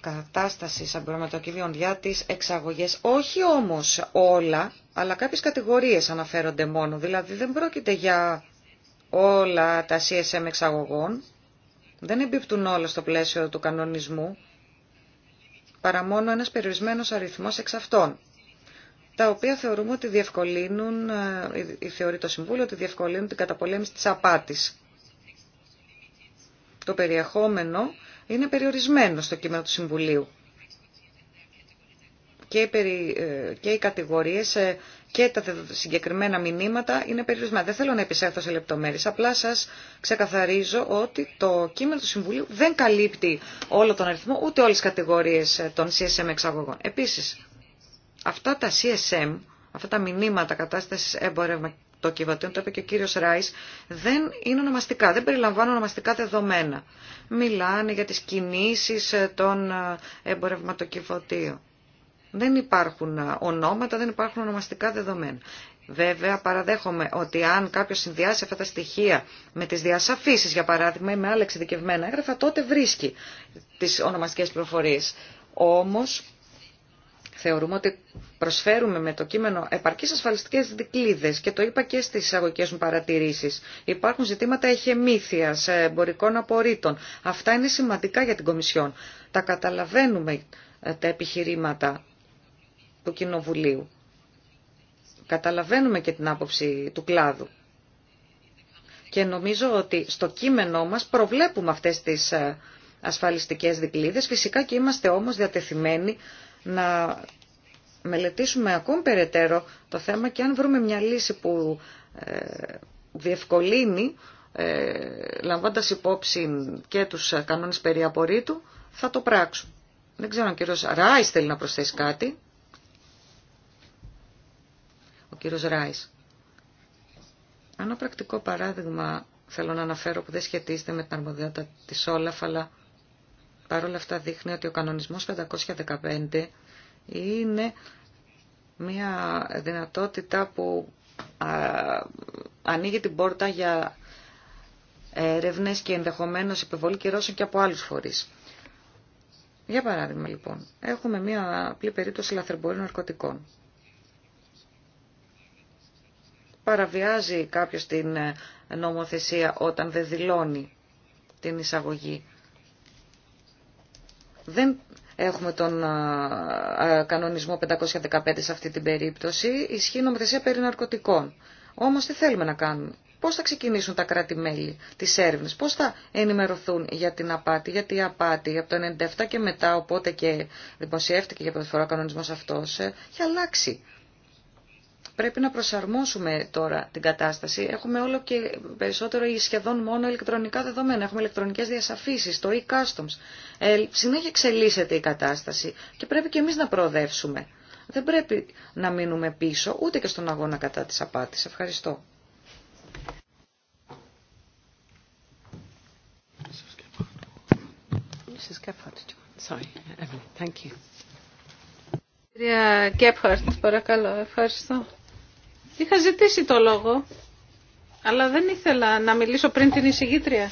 κατάστασης αμπροματοκιβίων για τις εξαγωγές. Όχι όμως όλα, αλλά κάποιες κατηγορίες αναφέρονται μόνο. Δηλαδή δεν πρόκειται για όλα τα CSM εξαγωγών δεν εμπίπτουν όλα στο πλαίσιο του κανονισμού, παρά μόνο ένας περιορισμένος αριθμός εξ αυτών, τα οποία θεωρούμε ότι διευκολύνουν, ε, θεωρεί το Συμβούλιο, ότι διευκολύνουν την καταπολέμηση της απάτης. Το περιεχόμενο είναι περιορισμένο στο κείμενο του Συμβουλίου. Και οι, ε, κατηγορίες ε, και τα συγκεκριμένα μηνύματα είναι περιορισμένα. Δεν θέλω να επισέλθω σε λεπτομέρειες, απλά σα ξεκαθαρίζω ότι το κείμενο του Συμβουλίου δεν καλύπτει όλο τον αριθμό, ούτε όλες τι κατηγορίες ε, των CSM εξαγωγών. Επίσης, αυτά τα CSM, αυτά τα μηνύματα κατάσταση εμπορεύμα το είπε και ο κύριο Ράι, δεν είναι ονομαστικά, δεν περιλαμβάνουν ονομαστικά δεδομένα. Μιλάνε για τι κινήσει ε, των ε, εμπορευματοκιβωτίων. Δεν υπάρχουν ε, ονόματα, δεν υπάρχουν ονομαστικά δεδομένα. Βέβαια, παραδέχομαι ότι αν κάποιο συνδυάσει αυτά τα στοιχεία με τι διασαφήσει, για παράδειγμα, ή με άλλα εξειδικευμένα έγγραφα, τότε βρίσκει τι ονομαστικέ πληροφορίε. Όμω, θεωρούμε ότι προσφέρουμε με το κείμενο επαρκείς ασφαλιστικέ δικλείδε και το είπα και στι εισαγωγικέ μου παρατηρήσει. Υπάρχουν ζητήματα εχεμήθεια, ε, εμπορικών απορρίτων. Αυτά είναι σημαντικά για την Κομισιόν. Τα καταλαβαίνουμε ε, τα επιχειρήματα του Κοινοβουλίου. Καταλαβαίνουμε και την άποψη του κλάδου. Και νομίζω ότι στο κείμενό μας προβλέπουμε αυτές τις ε, ασφαλιστικές δικλείδες. Φυσικά και είμαστε όμως διατεθειμένοι να μελετήσουμε ακόμη περαιτέρω το θέμα και αν βρούμε μια λύση που ε, διευκολύνει, ε, λαμβάνοντας υπόψη και τους κανόνες περί απορρίτου, θα το πράξουμε. Δεν ξέρω αν ο κύριος θέλει να προσθέσει κάτι ο κύριος Ράις. Ένα πρακτικό παράδειγμα θέλω να αναφέρω που δεν σχετίζεται με την αρμοδιότητα της Όλαφ, αλλά παρόλα αυτά δείχνει ότι ο κανονισμός 515 είναι μια δυνατότητα που ανοίγει την πόρτα για έρευνες και ενδεχομένως επιβολή κυρώσεων και από άλλους φορείς. Για παράδειγμα λοιπόν, έχουμε μια απλή περίπτωση λαθρεμπορίων ναρκωτικών παραβιάζει κάποιος την ε, νομοθεσία όταν δεν δηλώνει την εισαγωγή. Δεν έχουμε τον ε, ε, κανονισμό 515 σε αυτή την περίπτωση. Ισχύει νομοθεσία περί ναρκωτικών. Όμως τι θέλουμε να κάνουμε. Πώς θα ξεκινήσουν τα κράτη-μέλη τις έρευνες, πώς θα ενημερωθούν για την απάτη, γιατί η απάτη από το 1997 και μετά, οπότε και δημοσιεύτηκε για πρώτη φορά ο κανονισμός αυτός, έχει αλλάξει Πρέπει να προσαρμόσουμε τώρα την κατάσταση. Έχουμε όλο και περισσότερο ή σχεδόν μόνο ηλεκτρονικά δεδομένα. Έχουμε ηλεκτρονικέ διασαφήσει, το e-customs. Ε, συνέχεια εξελίσσεται η κατάσταση και πρέπει και εμεί να προοδεύσουμε. Δεν πρέπει να μείνουμε πίσω ούτε και στον αγώνα κατά τη απάτη. Ευχαριστώ.
Κυρία Κέπχαρτ, παρακαλώ. Ευχαριστώ. Είχα ζητήσει το λόγο, αλλά δεν ήθελα να μιλήσω πριν την εισηγήτρια,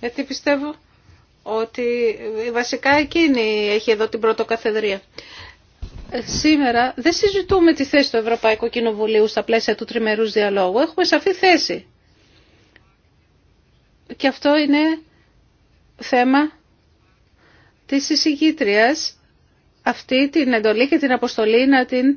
γιατί πιστεύω ότι βασικά εκείνη έχει εδώ την πρωτοκαθεδρία. Ε, σήμερα δεν συζητούμε τη θέση του Ευρωπαϊκού Κοινοβουλίου στα πλαίσια του τριμερούς διαλόγου. Έχουμε σαφή θέση. Και αυτό είναι θέμα της εισηγήτριας αυτή την εντολή και την αποστολή να την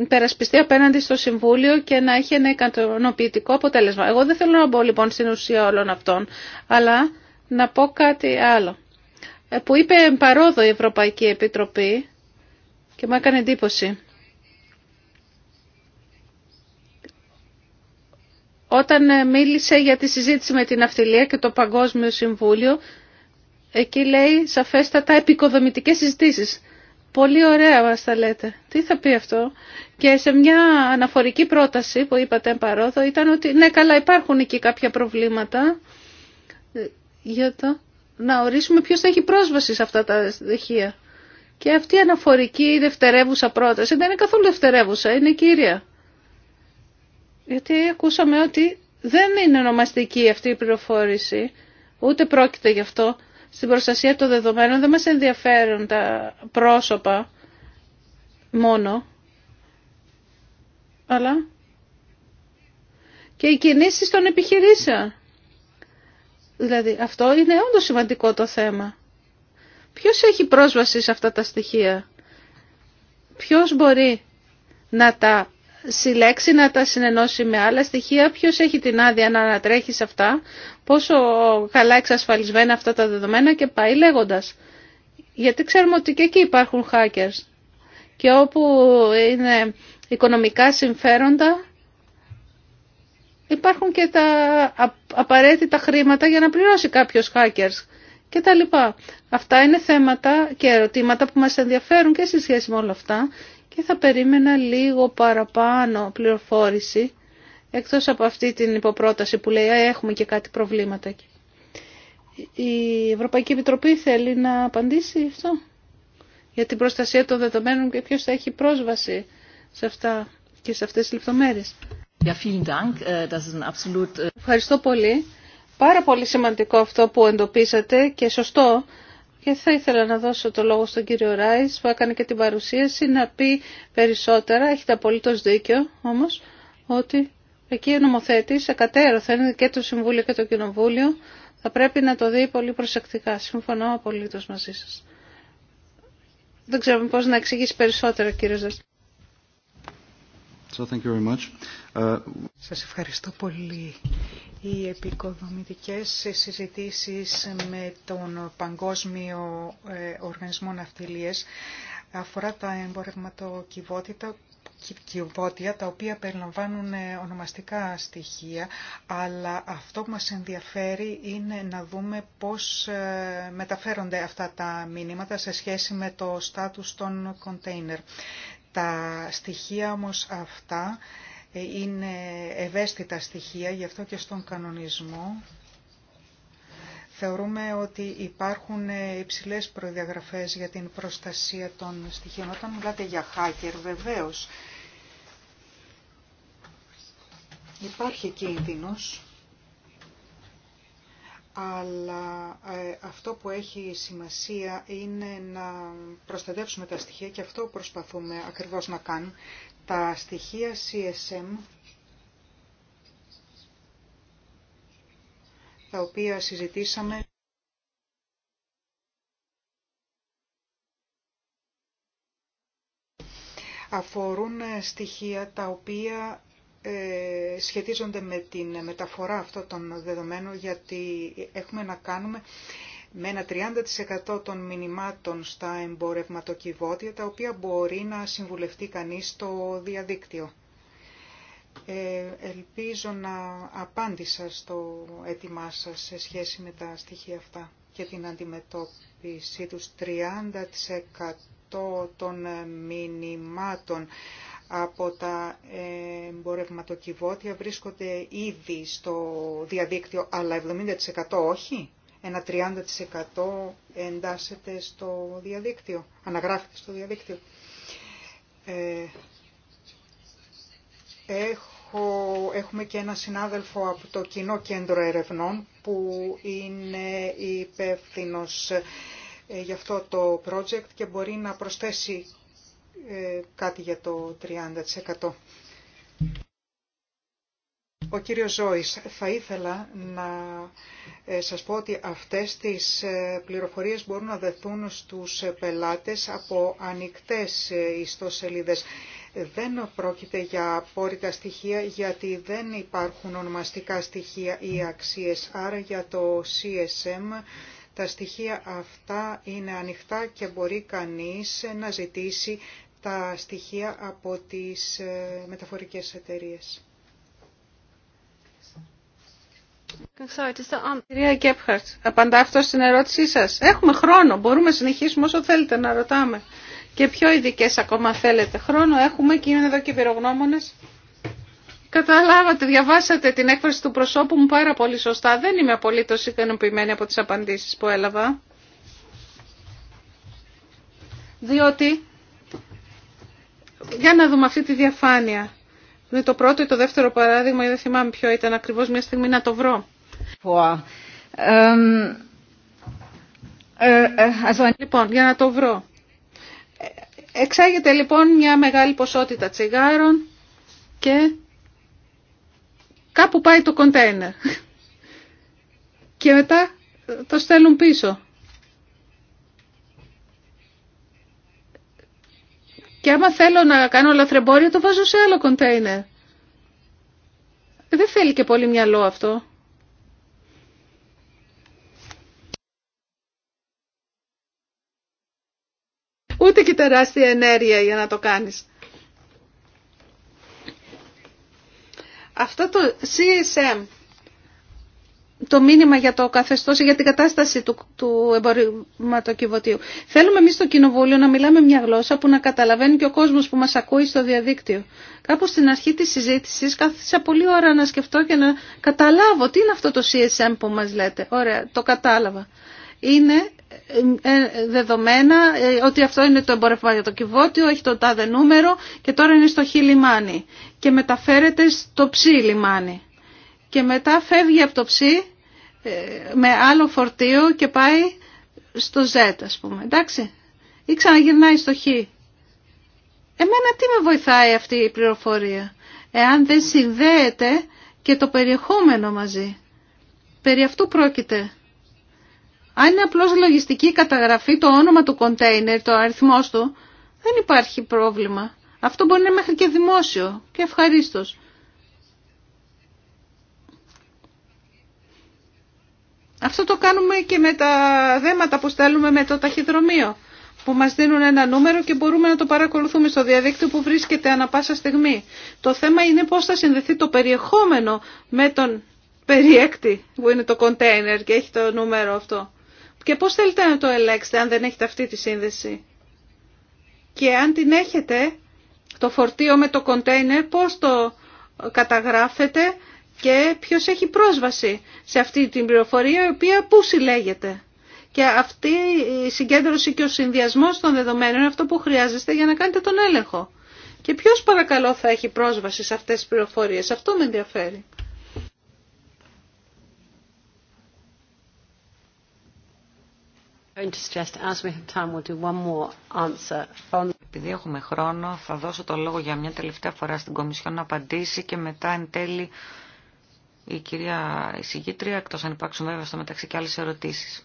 υπερασπιστεί απέναντι στο Συμβούλιο και να έχει ένα ικανοποιητικό αποτέλεσμα. Εγώ δεν θέλω να μπω λοιπόν στην ουσία όλων αυτών, αλλά να πω κάτι άλλο. Ε, που είπε παρόδο η Ευρωπαϊκή Επιτροπή και μου έκανε εντύπωση. Όταν ε, μίλησε για τη συζήτηση με την Αυτιλία και το Παγκόσμιο Συμβούλιο, εκεί λέει σαφέστατα επικοδομητικές συζητήσεις. Πολύ ωραία μας τα λέτε. Τι θα πει αυτό. Και σε μια αναφορική πρόταση που είπατε παρόδο ήταν ότι ναι καλά υπάρχουν εκεί κάποια προβλήματα για το να ορίσουμε ποιος θα έχει πρόσβαση σε αυτά τα στοιχεία. Και αυτή η αναφορική δευτερεύουσα πρόταση δεν είναι καθόλου δευτερεύουσα, είναι κύρια. Γιατί ακούσαμε ότι δεν είναι ονομαστική αυτή η πληροφόρηση, ούτε πρόκειται γι' αυτό στην προστασία των δεδομένων δεν μας ενδιαφέρουν τα πρόσωπα μόνο, αλλά και οι κινήσεις των επιχειρήσεων. Δηλαδή αυτό είναι όντω σημαντικό το θέμα. Ποιος έχει πρόσβαση σε αυτά τα στοιχεία. Ποιος μπορεί να τα συλλέξει, να τα συνενώσει με άλλα στοιχεία. Ποιος έχει την άδεια να ανατρέχει σε αυτά πόσο καλά εξασφαλισμένα αυτά τα δεδομένα και πάει λέγοντας. Γιατί ξέρουμε ότι και εκεί υπάρχουν hackers και όπου είναι οικονομικά συμφέροντα υπάρχουν και τα απαραίτητα χρήματα για να πληρώσει κάποιος hackers και τα λοιπά. Αυτά είναι θέματα και ερωτήματα που μας ενδιαφέρουν και σε σχέση με όλα αυτά και θα περίμενα λίγο παραπάνω πληροφόρηση Εκτός από αυτή την υποπρόταση που λέει έχουμε και κάτι προβλήματα. Η Ευρωπαϊκή Επιτροπή θέλει να απαντήσει αυτό για την προστασία των δεδομένων και ποιος θα έχει πρόσβαση σε αυτά και σε αυτές τις λεπτομέρειες. Äh, äh, Ευχαριστώ πολύ. Πάρα πολύ σημαντικό αυτό που εντοπίσατε και σωστό. Και θα ήθελα να δώσω το λόγο στον κύριο Ράις που έκανε και την παρουσίαση να πει περισσότερα. Έχετε απολύτως δίκιο όμως ότι Εκεί ο νομοθέτης, εκατέρωθεν και το Συμβούλιο και το Κοινοβούλιο, θα πρέπει να το δει πολύ προσεκτικά. Συμφωνώ απολύτως μαζί σας. Δεν ξέρω πώς να εξηγήσει περισσότερο, κύριε κύριο
So
thank you very much. Uh,
σας ευχαριστώ πολύ. Οι επικοδομητικές συζητήσεις με τον Παγκόσμιο ε, Οργανισμό Ναυτιλίες αφορά τα εμπορευματοκιβώτητα κυβότια τα οποία περιλαμβάνουν ε, ονομαστικά στοιχεία, αλλά αυτό που μας ενδιαφέρει είναι να δούμε πώς ε, μεταφέρονται αυτά τα μήνυματα σε σχέση με το στάτους των κοντέινερ. Τα στοιχεία όμως αυτά ε, είναι ευαίσθητα στοιχεία, γι' αυτό και στον κανονισμό θεωρούμε ότι υπάρχουν υψηλές προδιαγραφές για την προστασία των στοιχείων. Όταν μιλάτε για hacker, βεβαίως Υπάρχει κίνδυνος, αλλά ε, αυτό που έχει σημασία είναι να προστατεύσουμε τα στοιχεία και αυτό προσπαθούμε ακριβώς να κάνουμε. Τα στοιχεία CSM τα οποία συζητήσαμε αφορούν στοιχεία τα οποία ε, σχετίζονται με την μεταφορά αυτών των δεδομένων γιατί έχουμε να κάνουμε με ένα 30% των μηνυμάτων στα εμπορευματοκιβώτια τα οποία μπορεί να συμβουλευτεί κανείς στο διαδίκτυο. Ε, ελπίζω να απάντησα στο έτοιμά σας σε σχέση με τα στοιχεία αυτά και την αντιμετώπιση τους 30% των μηνυμάτων από τα εμπορευματοκιβώτια βρίσκονται ήδη στο διαδίκτυο, αλλά 70% όχι. Ένα 30% εντάσσεται στο διαδίκτυο, αναγράφεται στο διαδίκτυο. Ε, έχω, έχουμε και ένα συνάδελφο από το Κοινό Κέντρο Ερευνών που είναι υπεύθυνο ε, για αυτό το project και μπορεί να προσθέσει ε, κάτι για το 30%. Ο κύριος Ζώης, θα ήθελα να ε, σας πω ότι αυτές τις ε, πληροφορίες μπορούν να δεθούν στους πελάτες από ανοιχτές ιστοσελίδες. Δεν πρόκειται για απόρριτα στοιχεία γιατί δεν υπάρχουν ονομαστικά στοιχεία ή αξίες. Άρα για το CSM τα στοιχεία αυτά είναι ανοιχτά και μπορεί κανείς να ζητήσει τα στοιχεία από τις ε, μεταφορικές εταιρείες.
Κυρία Κέπχαρτ, απαντά αυτό στην ερώτησή σας. Έχουμε χρόνο, μπορούμε να συνεχίσουμε όσο θέλετε να ρωτάμε. Και πιο ειδικέ ακόμα θέλετε. Χρόνο έχουμε και είναι εδώ και πυρογνώμονε. Καταλάβατε, διαβάσατε την έκφραση του προσώπου μου πάρα πολύ σωστά. Δεν είμαι απολύτω ικανοποιημένη από τις απαντήσεις που έλαβα. Διότι για να δούμε αυτή τη διαφάνεια. με ναι, το πρώτο ή το δεύτερο παράδειγμα, δεν θυμάμαι ποιο ήταν ακριβώς μια στιγμή να το βρω. Ε, ε, λοιπόν, για να το βρω. Εξάγεται λοιπόν μια μεγάλη ποσότητα τσιγάρων και κάπου πάει το κοντέινερ. Και μετά το στέλνουν πίσω. Και άμα θέλω να κάνω λαθρεμπόριο το βάζω σε άλλο κοντέινερ. Δεν θέλει και πολύ μυαλό αυτό. Ούτε και τεράστια ενέργεια για να το κάνεις. Αυτό το CSM το μήνυμα για το καθεστώς για την κατάσταση του, του εμπορευματοκιβωτίου. Θέλουμε εμείς στο Κοινοβούλιο να μιλάμε μια γλώσσα που να καταλαβαίνει και ο κόσμος που μας ακούει στο διαδίκτυο. Κάπου στην αρχή της συζήτησης κάθισα πολύ ώρα να σκεφτώ και να καταλάβω τι είναι αυτό το CSM που μας λέτε. Ωραία, το κατάλαβα. Είναι ε, ε, δεδομένα ε, ότι αυτό είναι το εμπορευματοκιβώτιο, έχει το τάδε νούμερο και τώρα είναι στο χ λιμάνι και μεταφέρεται στο ψ λιμάνι. Και μετά φεύγει από το ψ με άλλο φορτίο και πάει στο Z ας πούμε, εντάξει. Ή ξαναγυρνάει στο Χ. Εμένα τι με βοηθάει αυτή η πληροφορία, εάν δεν συνδέεται και το περιεχόμενο μαζί. Περί αυτού πρόκειται. Αν είναι απλώς λογιστική καταγραφή το όνομα του κοντέινερ, το αριθμός του, δεν υπάρχει πρόβλημα. Αυτό μπορεί να είναι μέχρι και δημόσιο και ευχαρίστως. Αυτό το κάνουμε και με τα δέματα που στέλνουμε με το ταχυδρομείο που μας δίνουν ένα νούμερο και μπορούμε να το παρακολουθούμε στο διαδίκτυο που βρίσκεται ανα πάσα στιγμή. Το θέμα είναι πώς θα συνδεθεί το περιεχόμενο με τον περιέκτη που είναι το κοντέινερ και έχει το νούμερο αυτό. Και πώς θέλετε να το ελέγξετε αν δεν έχετε αυτή τη σύνδεση. Και αν την έχετε, το φορτίο με το κοντέινερ, πώς το καταγράφετε και ποιος έχει πρόσβαση σε αυτή την πληροφορία η οποία πού συλλέγεται. Και αυτή η συγκέντρωση και ο συνδυασμός των δεδομένων είναι αυτό που χρειάζεστε για να κάνετε τον έλεγχο. Και ποιος παρακαλώ θα έχει πρόσβαση σε αυτές τις πληροφορίες. Αυτό με ενδιαφέρει.
Επειδή έχουμε χρόνο, θα δώσω το λόγο για μια τελευταία φορά στην Κομισιόν να απαντήσει και μετά εν τέλει η κυρία εισηγήτρια, εκτός αν υπάρξουν βέβαια στο μεταξύ και άλλε ερωτήσει.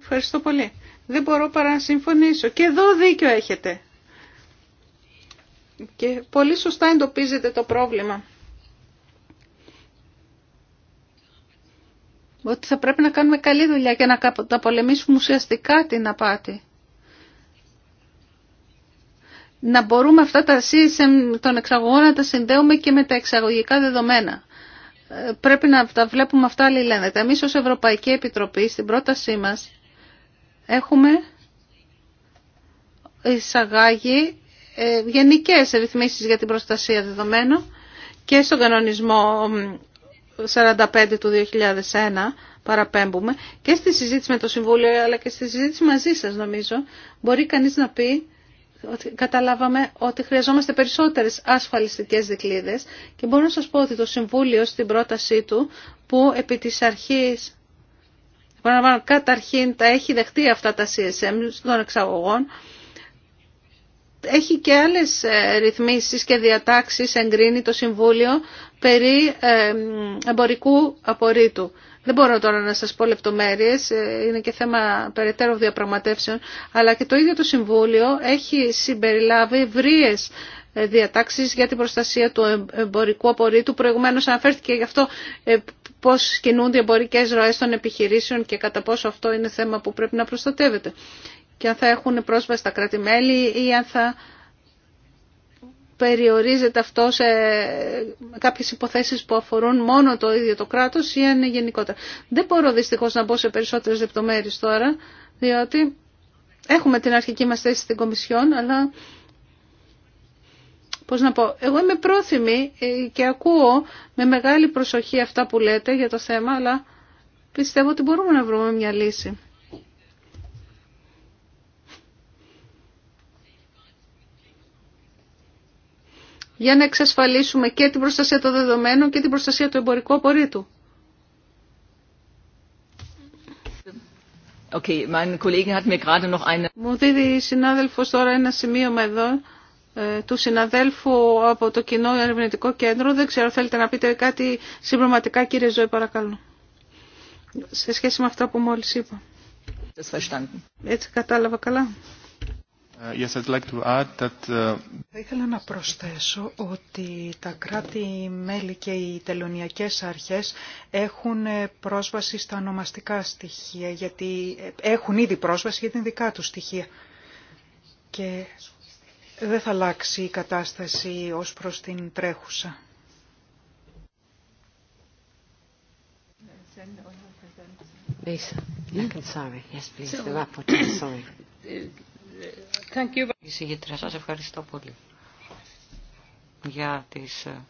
Ευχαριστώ πολύ. Δεν μπορώ παρά να συμφωνήσω. Και εδώ δίκιο έχετε. Και πολύ σωστά εντοπίζετε το πρόβλημα. Ότι θα πρέπει να κάνουμε καλή δουλειά και να πολεμήσουμε ουσιαστικά την απάτη. Να μπορούμε αυτά τα σύστημα των εξαγωγών να τα συνδέουμε και με τα εξαγωγικά δεδομένα πρέπει να τα βλέπουμε αυτά αλληλένδετα. Εμείς ως Ευρωπαϊκή Επιτροπή στην πρότασή μας έχουμε εισαγάγει ε, γενικές ρυθμίσεις για την προστασία δεδομένων και στον κανονισμό 45 του 2001 παραπέμπουμε και στη συζήτηση με το Συμβούλιο αλλά και στη συζήτηση μαζί σας νομίζω μπορεί κανείς να πει καταλάβαμε ότι χρειαζόμαστε περισσότερες ασφαλιστικές δικλίδες και μπορώ να σας πω ότι το Συμβούλιο στην πρότασή του που επί της αρχής καταρχήν τα έχει δεχτεί αυτά τα CSM των εξαγωγών έχει και άλλες ε, ρυθμίσεις και διατάξεις εγκρίνει το Συμβούλιο περί ε, εμπορικού απορρίτου. Δεν μπορώ τώρα να σας πω λεπτομέρειες, ε, είναι και θέμα περαιτέρω διαπραγματεύσεων, αλλά και το ίδιο το Συμβούλιο έχει συμπεριλάβει βρίες διατάξεις για την προστασία του εμπορικού απορρίτου. Προηγουμένως αναφέρθηκε γι' αυτό πώς κινούνται οι εμπορικές ροές των επιχειρήσεων και κατά πόσο αυτό είναι θέμα που πρέπει να προστατεύεται και αν θα έχουν πρόσβαση στα κράτη-μέλη ή αν θα περιορίζεται αυτό σε κάποιες υποθέσεις που αφορούν μόνο το ίδιο το κράτος ή αν είναι γενικότερα. Δεν μπορώ δυστυχώς να μπω σε περισσότερες λεπτομέρειες τώρα, διότι έχουμε την αρχική μας θέση στην Κομισιόν, αλλά πώς να πω, εγώ είμαι πρόθυμη και ακούω με μεγάλη προσοχή αυτά που λέτε για το θέμα, αλλά πιστεύω ότι μπορούμε να βρούμε μια λύση. για να εξασφαλίσουμε και την προστασία των δεδομένων και την προστασία του εμπορικού απορρίτου. Okay, mein Kollege hat mir gerade noch eine... Μου δίδει η συνάδελφος τώρα ένα με εδώ ε, του συναδέλφου από το Κοινό Ερευνητικό Κέντρο. Δεν ξέρω, θέλετε να πείτε κάτι συμπληρωματικά, κύριε Ζωή, παρακαλώ. Σε σχέση με αυτά που μόλις είπα. Έτσι κατάλαβα καλά. Uh, uh,
θα ήθελα να προσθέσω ότι τα κράτη-μέλη και οι τελωνιακές αρχές έχουν ε, πρόσβαση στα ονομαστικά στοιχεία, γιατί ε, έχουν ήδη πρόσβαση για την δικά τους στοιχεία. Και δεν θα αλλάξει η κατάσταση ως προς την τρέχουσα.
Εισηγήτρια, σας ευχαριστώ πολύ για τις ε,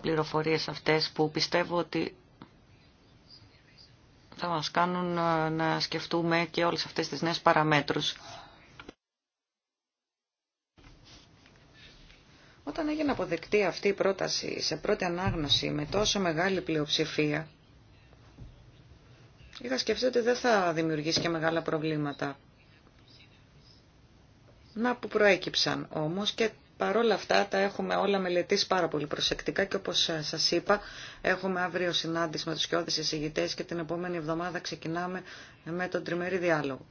πληροφορίες αυτές που πιστεύω ότι θα μας κάνουν ε, να σκεφτούμε και όλες αυτές τις νέες παραμέτρους. Όταν έγινε αποδεκτή αυτή η πρόταση σε πρώτη ανάγνωση με τόσο μεγάλη πλειοψηφία, είχα σκεφτεί ότι δεν θα δημιουργήσει και μεγάλα προβλήματα. Να που προέκυψαν όμως και παρόλα αυτά τα έχουμε όλα μελετήσει πάρα πολύ προσεκτικά και όπως σας είπα έχουμε αύριο συνάντηση με τους κοιόδης εισηγητές και την επόμενη εβδομάδα ξεκινάμε με τον τριμερή διάλογο.